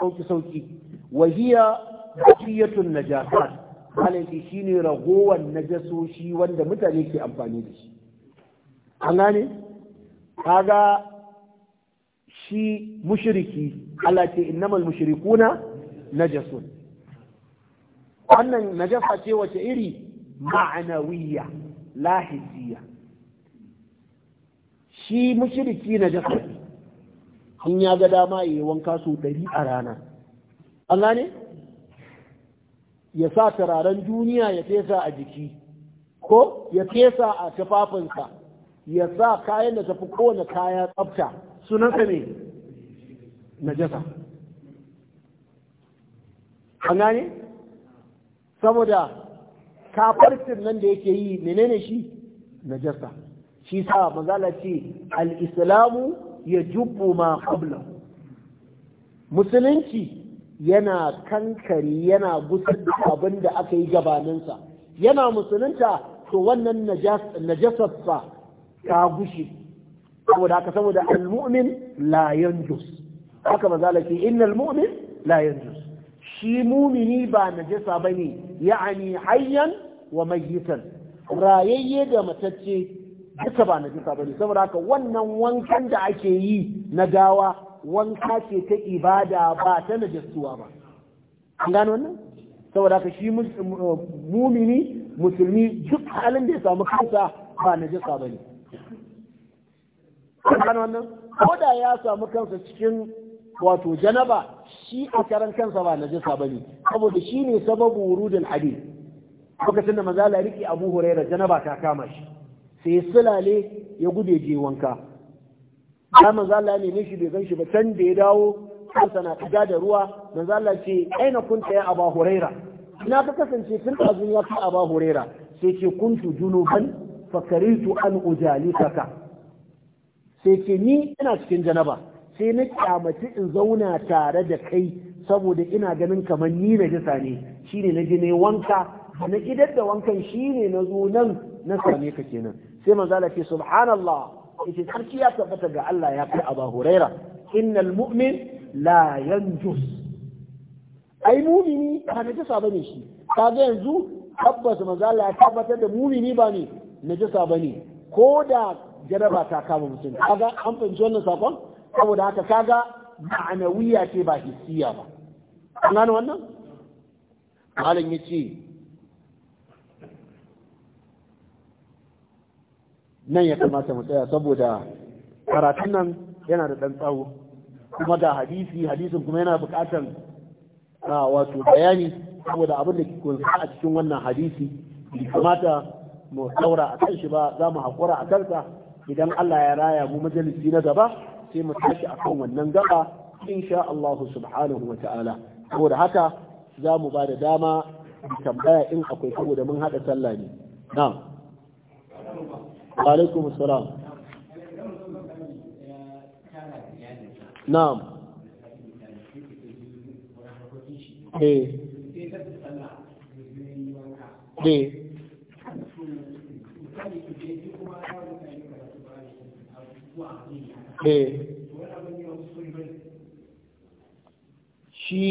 sauki sauki wa hiya baqiyatun najasat malaki shine ragowar najasoshi wanda mutane ke amfani da shi an gane kaga shi mushriki Allah ce innamal mushrikuna najasun wannan najasa ce wace iri ma'anawiyya lahisiya shi mushriki najasa ne an ya ga dama yayi wanka su ɗari a rana an gane ya sa turaren duniya ya fesa a jiki ko ya fesa a tufafinsa ya sa kayan da tafi kowane kaya tsafta sunansa ne jasa an gane saboda kafarcin nan da yake yi menene shi na jasa shi sa mazala ce al-islamu ya jubbu ma qablahu musulunci yana kankari yana gusar da abin da aka yi gabaninsa yana musulunta to wannan najasarsa ta gushe saboda haka saboda al-mumin la yanjus haka maza lafi al mu'min la yanjus shi mumini ba najasa bane ya'ani hayyan wa mayyitan rayayye da matacce duka ba najasa bane saboda haka wannan wankan da ake yi na gawa wanka ce ta ibada ba ta najasuwa ba an gano wannan saboda ka shi mumini musulmi duk halin da ya samu kansa ba najasa ba ne an gano wannan ko da ya samu kansa cikin wato janaba shi a karan kansa ba najasa ba ne saboda shi ne sababu wurudin hadith lokacin da maza la riƙe abu huraira janaba ta kama shi sai sulale ya gude je wanka ya manzo Allah ya shi bai gan shi ba can da ya dawo kansa na tiga da ruwa manzo Allah ce aina kunta ya Aba Huraira ina ka kasance tun azun ya ta Aba Huraira sai ce kuntu junuban fakaritu an ujalisaka sai ce ni ina cikin janaba sai na kyamaci in zauna tare da kai saboda ina ganin kamar ni na jisa ne shine na ne wanka na idar da wankan shine na zo nan na same ka kenan sai manzo Allah ce subhanallah yace sarki ya tabbata ga Allah ya kai Abu Huraira innal mu'min la yanjus ai mumini ba jasa bane shi kaga yanzu tabbata manzo Allah ya tabbatar da mumini ba ne jasa bane ko da jaraba ta kama mutum kaga an fahimci wannan sakon saboda haka kaga ma'anawiya ce ba hissiya ba an gano wannan malam yace nan ya kamata mu tsaya saboda karatun nan yana da ɗan tsawo kuma ga hadisi hadisin kuma yana buƙatar wato bayani saboda abin da kunsa a cikin wannan hadisi bai kamata mu saura a kan shi ba za mu haƙura a kansa idan Allah ya raya mu majalisi na gaba sai mu tashi a kan wannan gaba insha Allah subhanahu wa ta'ala saboda haka za mu ba da dama tambaya in akwai saboda mun haɗa sallah ne na'am wa alaikum نعم eh. eh. eh. shi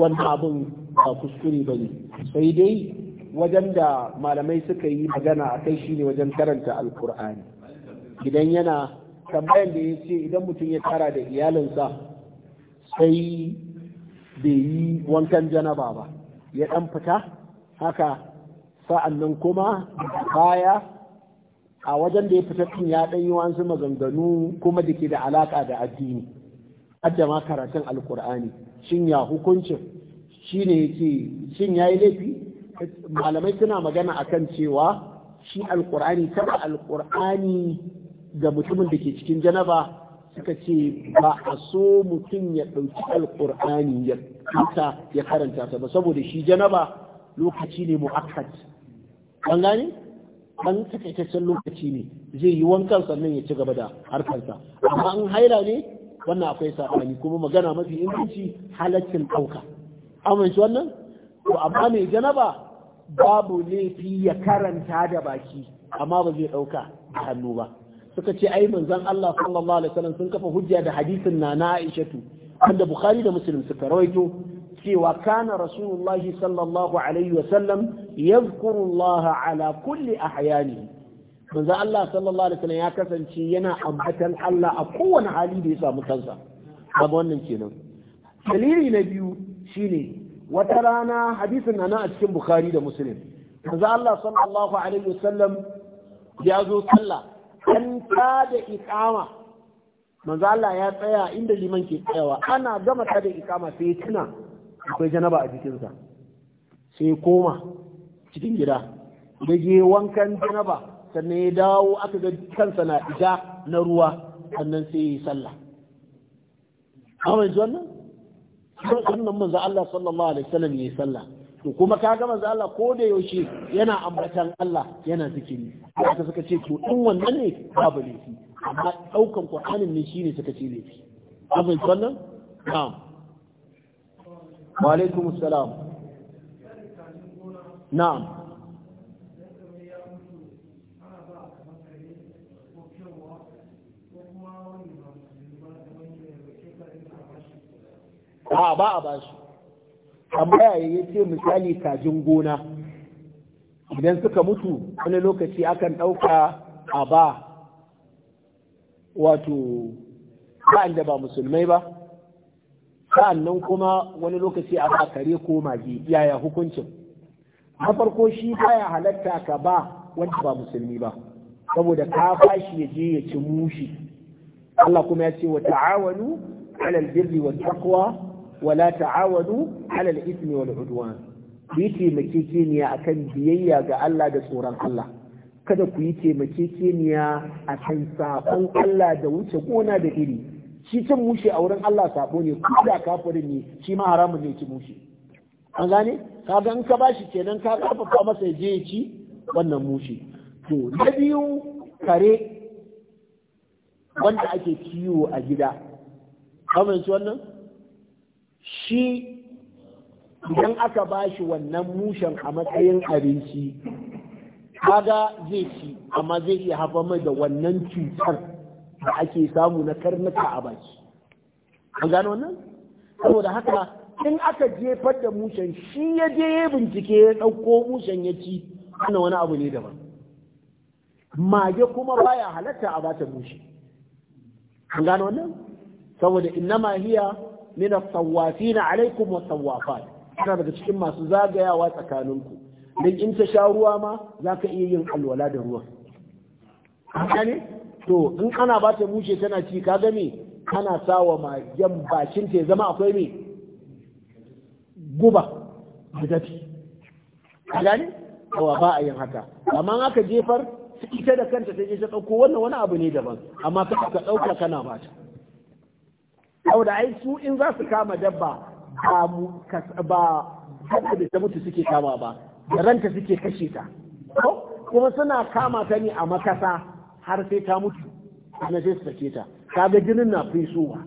wannan abin ba kuskure ba ne sai dai wajen da malamai suka yi magana a kai shine wajen karanta alkur'ani idan yana tambayan da ya ce idan mutum ya tara da iyalinsa sai bai yi wankan janaba ba ya ɗan fita haka sa'an kuma baya a wajen da ya fita din ya ɗan yi wasu maganganu kuma da ke da alaƙa da addini hajja ma karatun alkur'ani shin ya hukuncin shi ne yake shin ya yi laifi malamai suna magana akan cewa shi alkur'ani kada alkur'ani ga mutumin da ke cikin janaba suka ce ba a so mutum ya ɗauki alkur'ani ya kanta ya karanta ta ba saboda shi janaba lokaci ne mu'akkad an gane an takaitaccen lokaci ne zai yi wankan sannan ya ci gaba da harkarsa amma an haila ne wannan akwai sabani kuma magana mafi inganci halaccin ɗauka amince wannan to amma mai janaba babu laifi ya karanta da baki amma ba zai ɗauka da hannu ba suka ce ai manzon Allah sallallahu alaihi wasallam sun kafa hujja da hadisin na na Aishatu wanda Bukhari da Muslim suka rawaito cewa kana rasulullahi sallallahu alaihi wasallam yadhkuru Allah ala kulli ahyani manzon Allah sallallahu alaihi wasallam ya kasance yana ambatan Allah a kowane hali da ya samu kansa amma wannan kenan dalili na biyu shine wata rana hadisin na nan a cikin bukhari da muslim manzo Allah sallallahu alaihi wasallam ya zo sallah an ta da iqama manzo Allah ya tsaya inda liman ke tsayawa ana gama ta da iqama sai ya tuna akwai janaba a jikinsa sai ya koma cikin gida da je wankan janaba sannan ya dawo aka ga kansa na ija na ruwa sannan sai ya yi sallah amma yanzu wannan sunan manzo Allah sallallahu alaihi wasallam yayi sallah to kuma kaga manzo Allah ko da yaushe yana ambatan Allah yana zikiri haka suka ce to din wannan ne babu laifi amma daukan Qur'anin ne shine suka ce laifi abin sallan na'am wa alaikumus salam na'am a ba a bashi tambaya ya ce misali kajin gona idan suka mutu wani lokaci akan ɗauka a ba wato ba'anda ba musulmai ba sa'annan kuma wani lokaci a ba kare ko mage yaya hukuncin na farko shi baya halatta ka ba wanda ba musulmi ba saboda ka fashi ya je ya ci mushi Allah kuma ya ce wa ta'awanu alal birri wa taqwa wala ta'awadu halal al-ithmi wal udwan ku yi taimakekeniya akan biyayya ga Allah da tsoron Allah kada ku yi taimakekeniya akan sakon Allah da wuce gona da iri shi cin mushe a wurin Allah sabo ne ko da kafirin ne shi ma haramun ne ci mushe an gane kaga in ka bashi kenan ka kafafa masa je ya ci wannan mushe to na biyu kare wanda ake kiwo a gida kamar wannan shi idan aka ba shi wannan mushen a matsayin abinci kaga zai ci amma zai iya hafa mai da wannan cutar da ake samu na karnuka a baki an gano wannan saboda haka in aka jefar da mushen shi ya je ya bincike ya ɗauko mushen ya ci Ana wani abu ne daban mage kuma baya halatta a bata mushe an gano wannan saboda inna mahiya. min as-sawafina alaikum was-sawafat kana daga cikin masu zagayawa tsakaninku dan in ta sha ruwa ma zaka iya yin alwala da ruwan ne to in ana ba ta mushe tana ci ka gami kana sawa magen bakin ta zama akwai me guba da dafi ka gane ba a yin haka amma aka jefar ita da kanta ta je ta ɗauko wannan wani abu ne daban amma ka ɗauka kana ta. saboda ai su in za su kama dabba ba mu ba da ta mutu suke kama ba da ranta suke kashe ta kuma suna kama ta ne a makasa har sai ta mutu sannan sai su sake ta kaga jinin na fesowa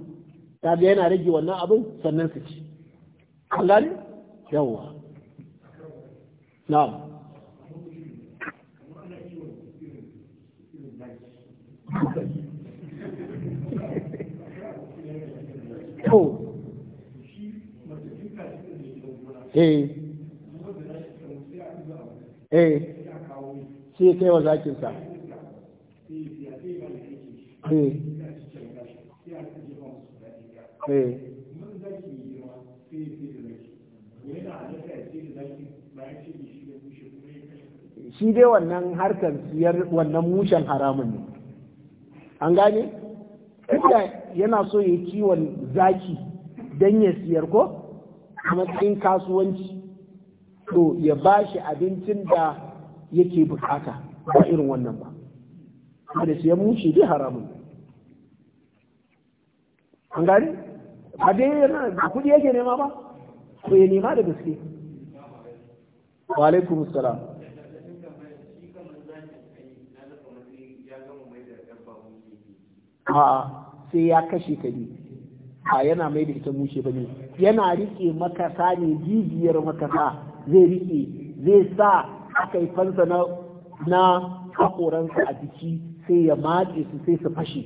kaga yana rage wannan abin sannan su ci Allah ne yawa na'am to eh eh sai kai wa zakinsa sa eh. eh. shi dai wannan harkar siyar wannan mushen haramun ne an gane? inda yana so ya kiwon zaki don ya siyar ko a matsayin kasuwanci to ya ba shi abincin da yake bukata ba irin wannan ba da siyan mushi dai haramun an gani a dai yana da kudi yake nema ba ko ya nema da gaske wa alaikum salam ha sai ya kashe ta ne ha yana mai da ita mushe ba ne yana rike makasa ne jijiyar makasa zai rike zai sa akaifansa na na haƙoransa a jiki sai ya matse su sai su fashe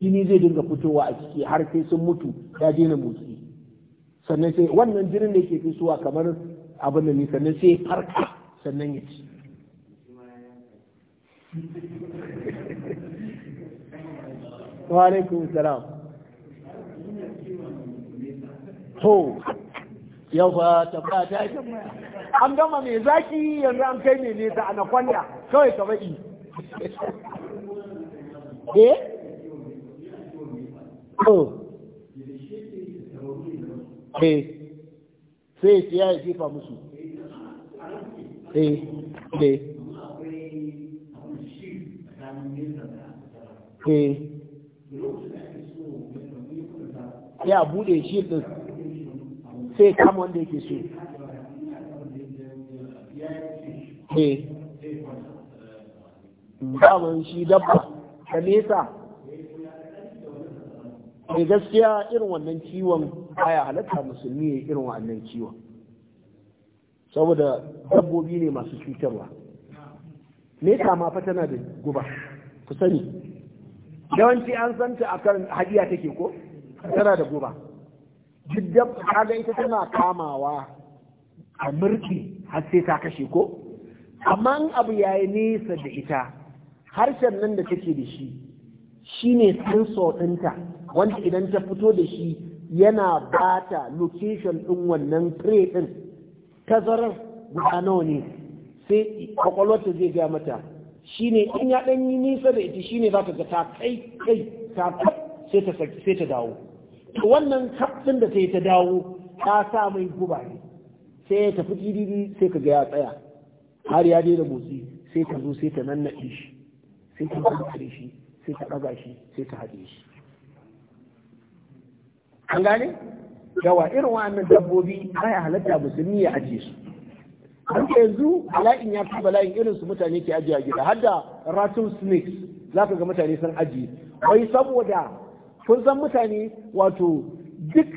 jini zai dinga fitowa a jiki har sai sun mutu ya daina motsi sannan sai wannan jinin da ke fitowa kamar abin da ne sannan sai farka sannan ya ci wa alaikum salam to yau fa tabbata ta yi an gama mai zaki yanzu an kai ne nesa a nakwanda kawai ka baɗi eh oh eh sai ya yi jefa musu eh eh eh sai a bude shi din sai kama wanda yake so he eh. daman shi dabba da nesa mai eh, gaskiya irin wannan ciwon aya halatta musulmi ya irin wannan ciwon saboda dabbobi ne masu cutarwa nesa ma fa tana da guba ku sani yawanci an santa a akan hadiya take ko tana da guba duk kaga ita tana kamawa a murki har sai ta kashe ko amma abu yayi nesa da ita harshen nan da take da shi shine sensor ɗinta wanda idan ta fito da shi yana bata location ɗin wannan prey ɗin tazarar guda nawa ne sai kwakwalwarta zai gaya mata shine in ya ɗan yi nisa da ita shine zaka ga ta kai kai ta sai sai ta dawo to wannan kafin da sai ta dawo ta sa mai guba ne sai ya tafi didi sai ka ga ya tsaya har ya daina motsi sai ta zo sai ta nannaɗe shi sai ta kankare shi sai ta ɗaga shi sai ta haɗe shi an gane yawa irin wa'annan dabbobi ya halatta musulmi ya ajiye su haka yanzu bala'in ya fi bala'in irin su mutane ke ajiye gida har da rattle snakes za ka ga mutane san ajiye wai saboda kun san mutane wato duk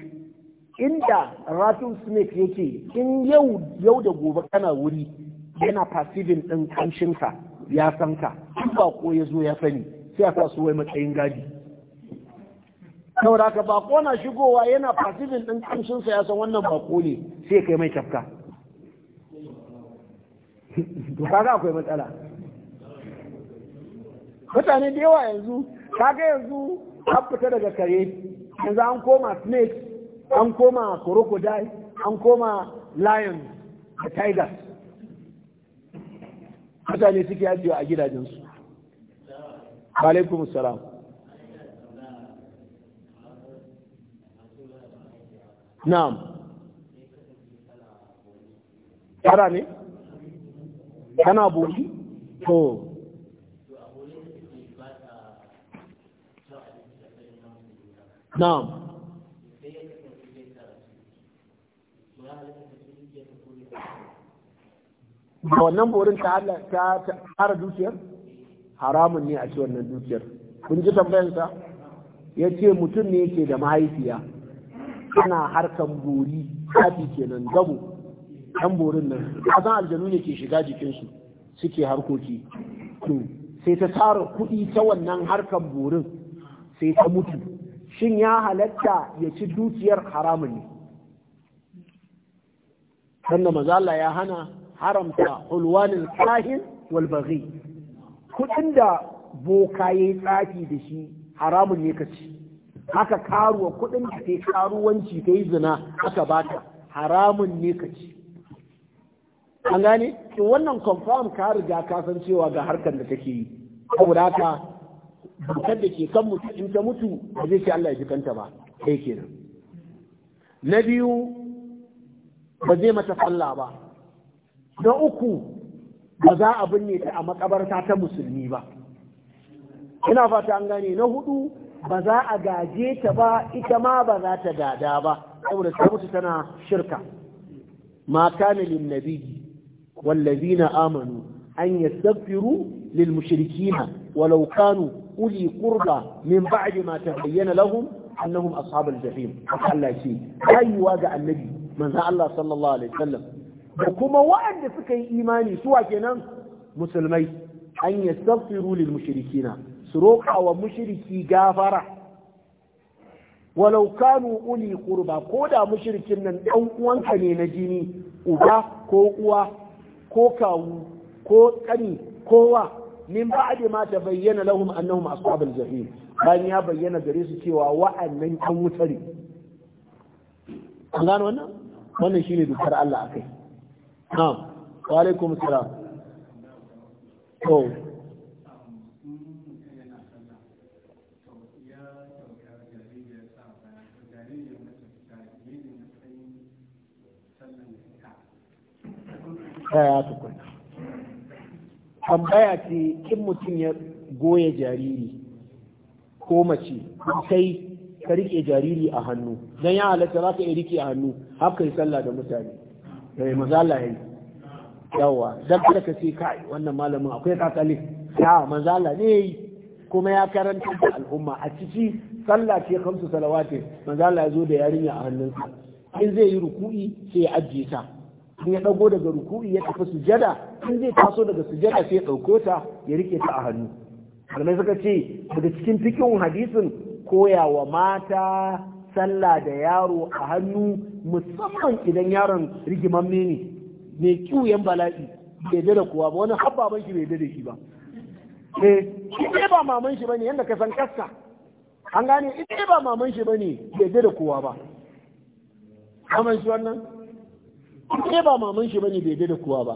inda ratun snek yake in yau yau da gobe kana wuri yana pasivin ɗin kanshinka ya san ka in bako ya zo ya sani sai a sa su wai matsayin gadi saboda ka bako na shigowa yana pasivin ɗin kamshinsa ya san wannan bako ne sai kai mai tafka to kaga akwai matsala mutane da yawa yanzu kaga yanzu an fita daga kare yanzu an koma snake an koma crocodile an koma lion da tiger mutane suke ajiyewa a gidajensu alaikum salam na'am tara ne kana boli to na'am ba wannan borin ta Allah ta dukiyar haramun ne a ce wannan dukiyar kun ji tambayansa ya ce mutum ne yake da mahaifiya ana harkan bori kafi kenan gabo yan borin nan a aljanu ne ke shiga jikinsu suke harkoki to sai ta tsara kuɗi ta wannan harkar borin sai ta mutu shin ya halatta ya ci dukiyar haramun ne sannan mazala ya hana haramta hulwanin kahin walbazi kuɗin da boka ya tsafi da shi haramun ne ka haka karuwa kuɗin da ta karuwanci ta yi zina aka bata haramun ne ka an gane to wannan confirm ka riga ka san cewa ga harkar da take yi saboda haka dokar da ke kan mutu in ta mutu ba zai ce Allah ya ji kanta ba kai kenan na biyu ba zai mata sallah ba na uku ba za a binne ta a makabarta ta musulmi ba ina fata an gane na hudu ba za a gaje ta ba ita ma ba za ta gada ba saboda ta mutu tana shirka ma kana lin nabiyyi na amanu an yastaghfiru lil mushrikina walau kanu uli qurba min ba'di ma tabayyana lahum annahum ashabul jahim Allah ce kaiwa ga annabi manzo Allah sallallahu alaihi wasallam da kuma waɗanda suka yi imani suwa kenan musulmai an yastaghfiru lil mushrikina su roƙa wa mushriki gafara Walaukanu, uli qurba ko da mushrikin nan dan uwanka ne na jini uba ko uwa ko kawu ko kani kowa min a ma bayyana lahum annahum ashabul jahim bayan ya bayyana gare su cewa wa'annan kan wutare an gano wannan wannan shine dukar Allah akai na'am wa alaikum assalam to tsaya tukunna tambaya ce in mutum ya goya jariri ko mace kai ka rike jariri a hannu dan ya halatta za ka iya rike a hannu haka yi sallah da mutane da ya maza Allah yayi yawa dan kada ka ce kai wannan malamin akwai kakali ya maza Allah ne yi. kuma ya karanta da al'umma a ciki sallah ce kamsu salawatin maza Allah ya zo da yarinya a hannunsa in zai yi ruku'i sai ya ajiye ta in ya ɗago daga ruku'i ya tafi sujada in zai taso daga sujada sai ya ɗauko ta ya rike ta a hannu malamai suka ce daga cikin cikin hadisin koyawa mata sallah da yaro a hannu musamman idan yaron rigiman ne mai kiwuyen bala'i bai da kuwa ba wani habbaban shi bai da shi ba eh ita ba maman shi bane yanda ka san kasta an gane ita ba maman shi bane bai da kowa ba kamar shi wannan sai ba maman shi bane bai da kuwa ba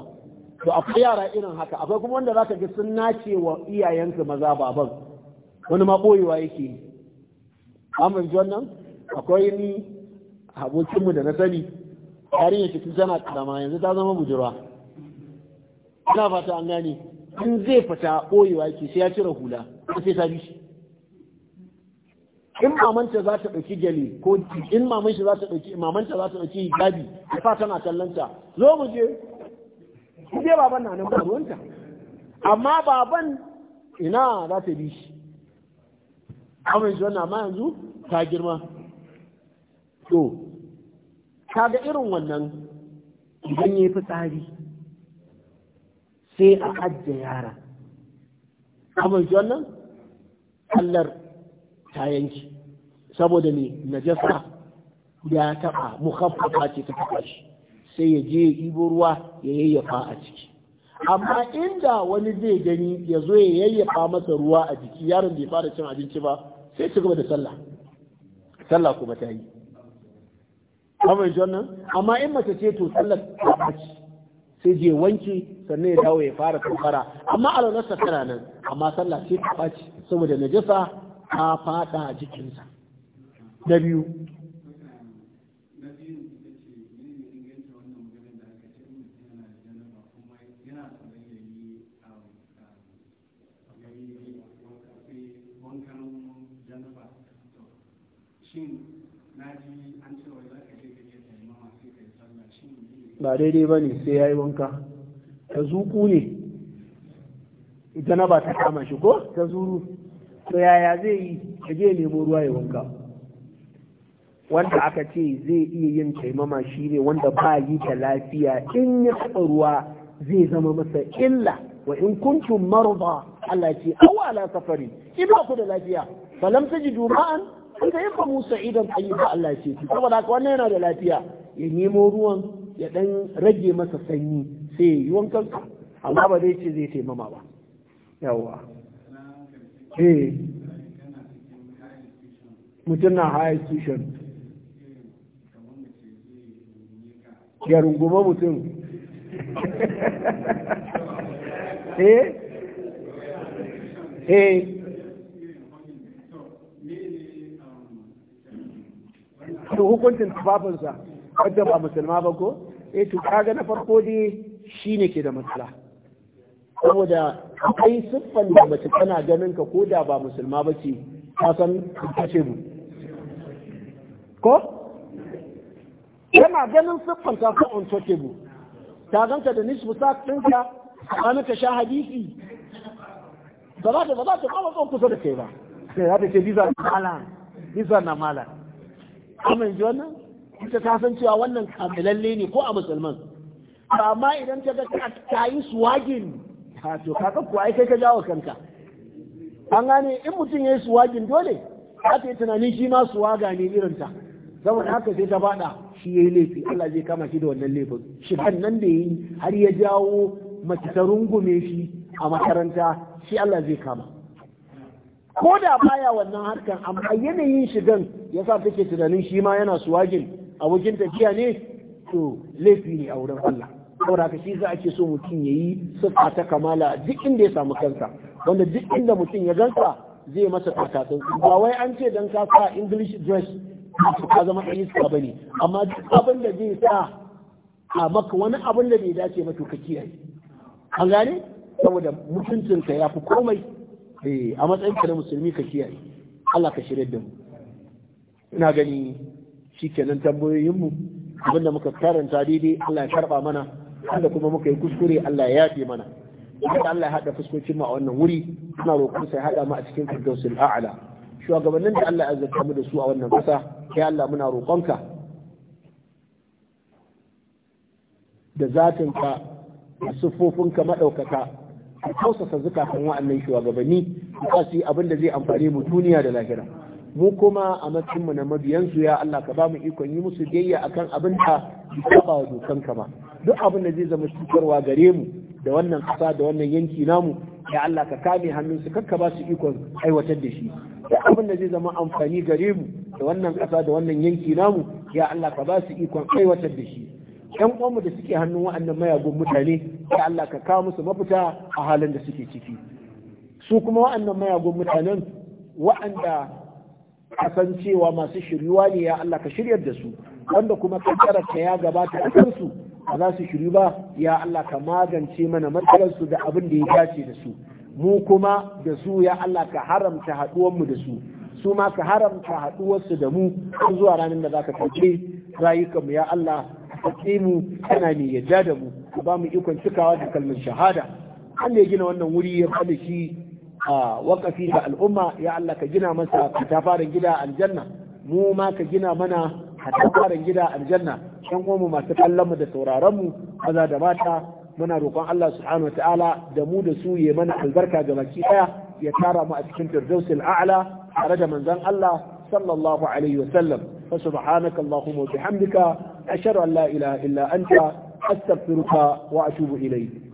to akwai yara irin haka akwai kuma wanda zaka ga sun nace wa iyayensu maza baban wani ma koyewa yake amma ji wannan akwai ni abokinmu da na sani yarinya shi tana karama yanzu ta zama bujura. ina fata an gane in zai fita boyewa yake sai ya cire hula sai ta bi shi in mamanta za ta ɗauki gyale ko in maman shi za ta ɗauki mamanta za ta ɗauki hijabi da fa tana kallonta zo mu je shi baban na nan ruwanta amma baban ina za ta bi shi amin shi wannan amma yanzu ta girma to ga irin wannan idan ya fi tsari sai a ajiye yara amin shi wannan kallar ta yanki saboda me najasa ya taɓa mukhaffafa ce ta taɓa shi sai ya je ibo ruwa ya yayyafa a ciki amma inda wani zai gani ya zo ya yayyafa masa ruwa a jiki yaron bai fara cin abinci ba sai ci gaba da sallah sallah kuma ta yi kamar amma in mace ce to sallar ta ɓaci sai je wanki sannan ya dawo ya fara kamfara amma alwalarsa tana nan amma sallah ce ta saboda najasa ta fada a jikinsa na biyu ba daidai ba ne sai ya yi wanka ta zuku ne ita na ba ta kama shi ko ta zuru to yaya zai yi ya je nemo ruwa ya wanka wanda aka ce zai iya yin taimama shi ne wanda ba yi da lafiya in ya taɓa ruwa zai zama masa illa wa in kuntum marda Allah ce awa ala safari in ba ku da lafiya ta ji ma'an in ka yi ba musa idan ba Allah ce saboda ka wannan yana da lafiya ya nemo ruwan ya dan rage masa sanyi sai yi wankan amma ba zai ce zai taimama ba yawwa eh mutum na high station ya runguma mutum eh eh to hukuncin tufafinsa wadda ba musulma ba ko eh to kaga na farko dai ne ke da matsala saboda akwai siffan da mace tana ganin ka ko da ba musulma ba ce ta san kace mu ko yana ganin siffan ta san untouchable ta ganta da nisbu sak ɗinka a ka sha hadisi ba za ta ba za ta kama tsohon kusa da kai ba sai za ta ce biza na mala biza na mala amin ji wannan ita ta san cewa wannan kamilalle ne ko a musulman amma idan ta ga ta yi swagin ha to ka kuwa ai kai ka jawo kanka an gane in mutum ya yi suwagin dole aka yi tunanin shi ma suwaga ne irinta saboda haka sai ta bada shi ya yi laifi Allah zai kama shi da wannan laifin shi nan da yi har ya jawo mace ta rungume shi a makaranta shi Allah zai kama ko da baya wannan harkan amma yanayin shigan ya sa take tunanin shi ma yana suwagin a wajen tafiya ne to laifi ne a wurin Allah saboda haka shi za a ake so mutum ya yi sufa ta kamala duk inda ya samu kansa wanda duk inda mutum ya gansa zai masa takatsun ba wai an ce dan ka sa english dress ka zama iska ba ne amma duk abin da zai sa a maka wani abin da bai dace ba to ka kiyaye an gane saboda mutuncinka ya fi komai eh, a matsayin ka na musulmi ka kiyaye Allah ka shirya da mu ina gani shi kenan tambayoyinmu abinda muka karanta daidai Allah ya karba mana wanda kuma muka yi kuskure Allah ya yafe mana haka Allah ya haɗa fuskocin mu a wannan wuri suna roƙon sai haɗa mu a cikin firdausul a'la shugabannin da Allah ya azurta mu da su a wannan ƙasa ya Allah muna roƙonka da zatinka da siffofinka maɗaukaka a tausasa zukatan wa'annan shugabanni a su yi abin da zai amfani mu duniya da lahira mu kuma a matsayin na mabiyansu ya Allah ka ba mu ikon yi musu biyayya akan abin da ba wa dokanka ba duk abin da zai zama cutarwa gare mu da wannan ƙasa da wannan yanki namu ya Allah ka kame hannunsu kakka ba su ikon aiwatar da shi duk abin da zai zama amfani gare mu da wannan ƙasa da wannan yanki namu ya Allah ka ba su ikon aiwatar da shi yan uwanmu da suke hannun wa'annan mayagun mutane ya Allah ka kawo musu mafita a halin da suke ciki su kuma wa'annan mayagun mutanen wa'anda cewa masu shiryuwa ne ya Allah ka shiryar da su wanda kuma kankara ta ya gabata a kansu ba za su shiryu ba ya Allah ka magance mana matsalarsu da abin da ya dace da su mu kuma da su ya Allah ka haramta haɗuwanmu da su su ma ka haramta haɗuwarsu da mu har zuwa ranar da za ka ɗauke rayukanmu ya Allah ka mu kana ne yadda da mu ka ba mu ikon cikawa da kalmar shahada Allah ya gina wannan wuri ya faɗi shi a waƙafi ga al'umma ya Allah ka gina masa ka ta fara gida aljanna mu ma ka gina mana a tsarin gida aljanna yan uwanmu masu kallon mu da sauraron mu maza da mata muna roƙon Allah subhanahu ta'ala da mu da su ya mana albarka ga baki daya ya tara mu a cikin firdausil a'la tare da manzon Allah sallallahu alaihi wasallam fa subhanaka allahumma wa bihamdika ashhadu an la ilaha illa anta astaghfiruka wa atubu ilayk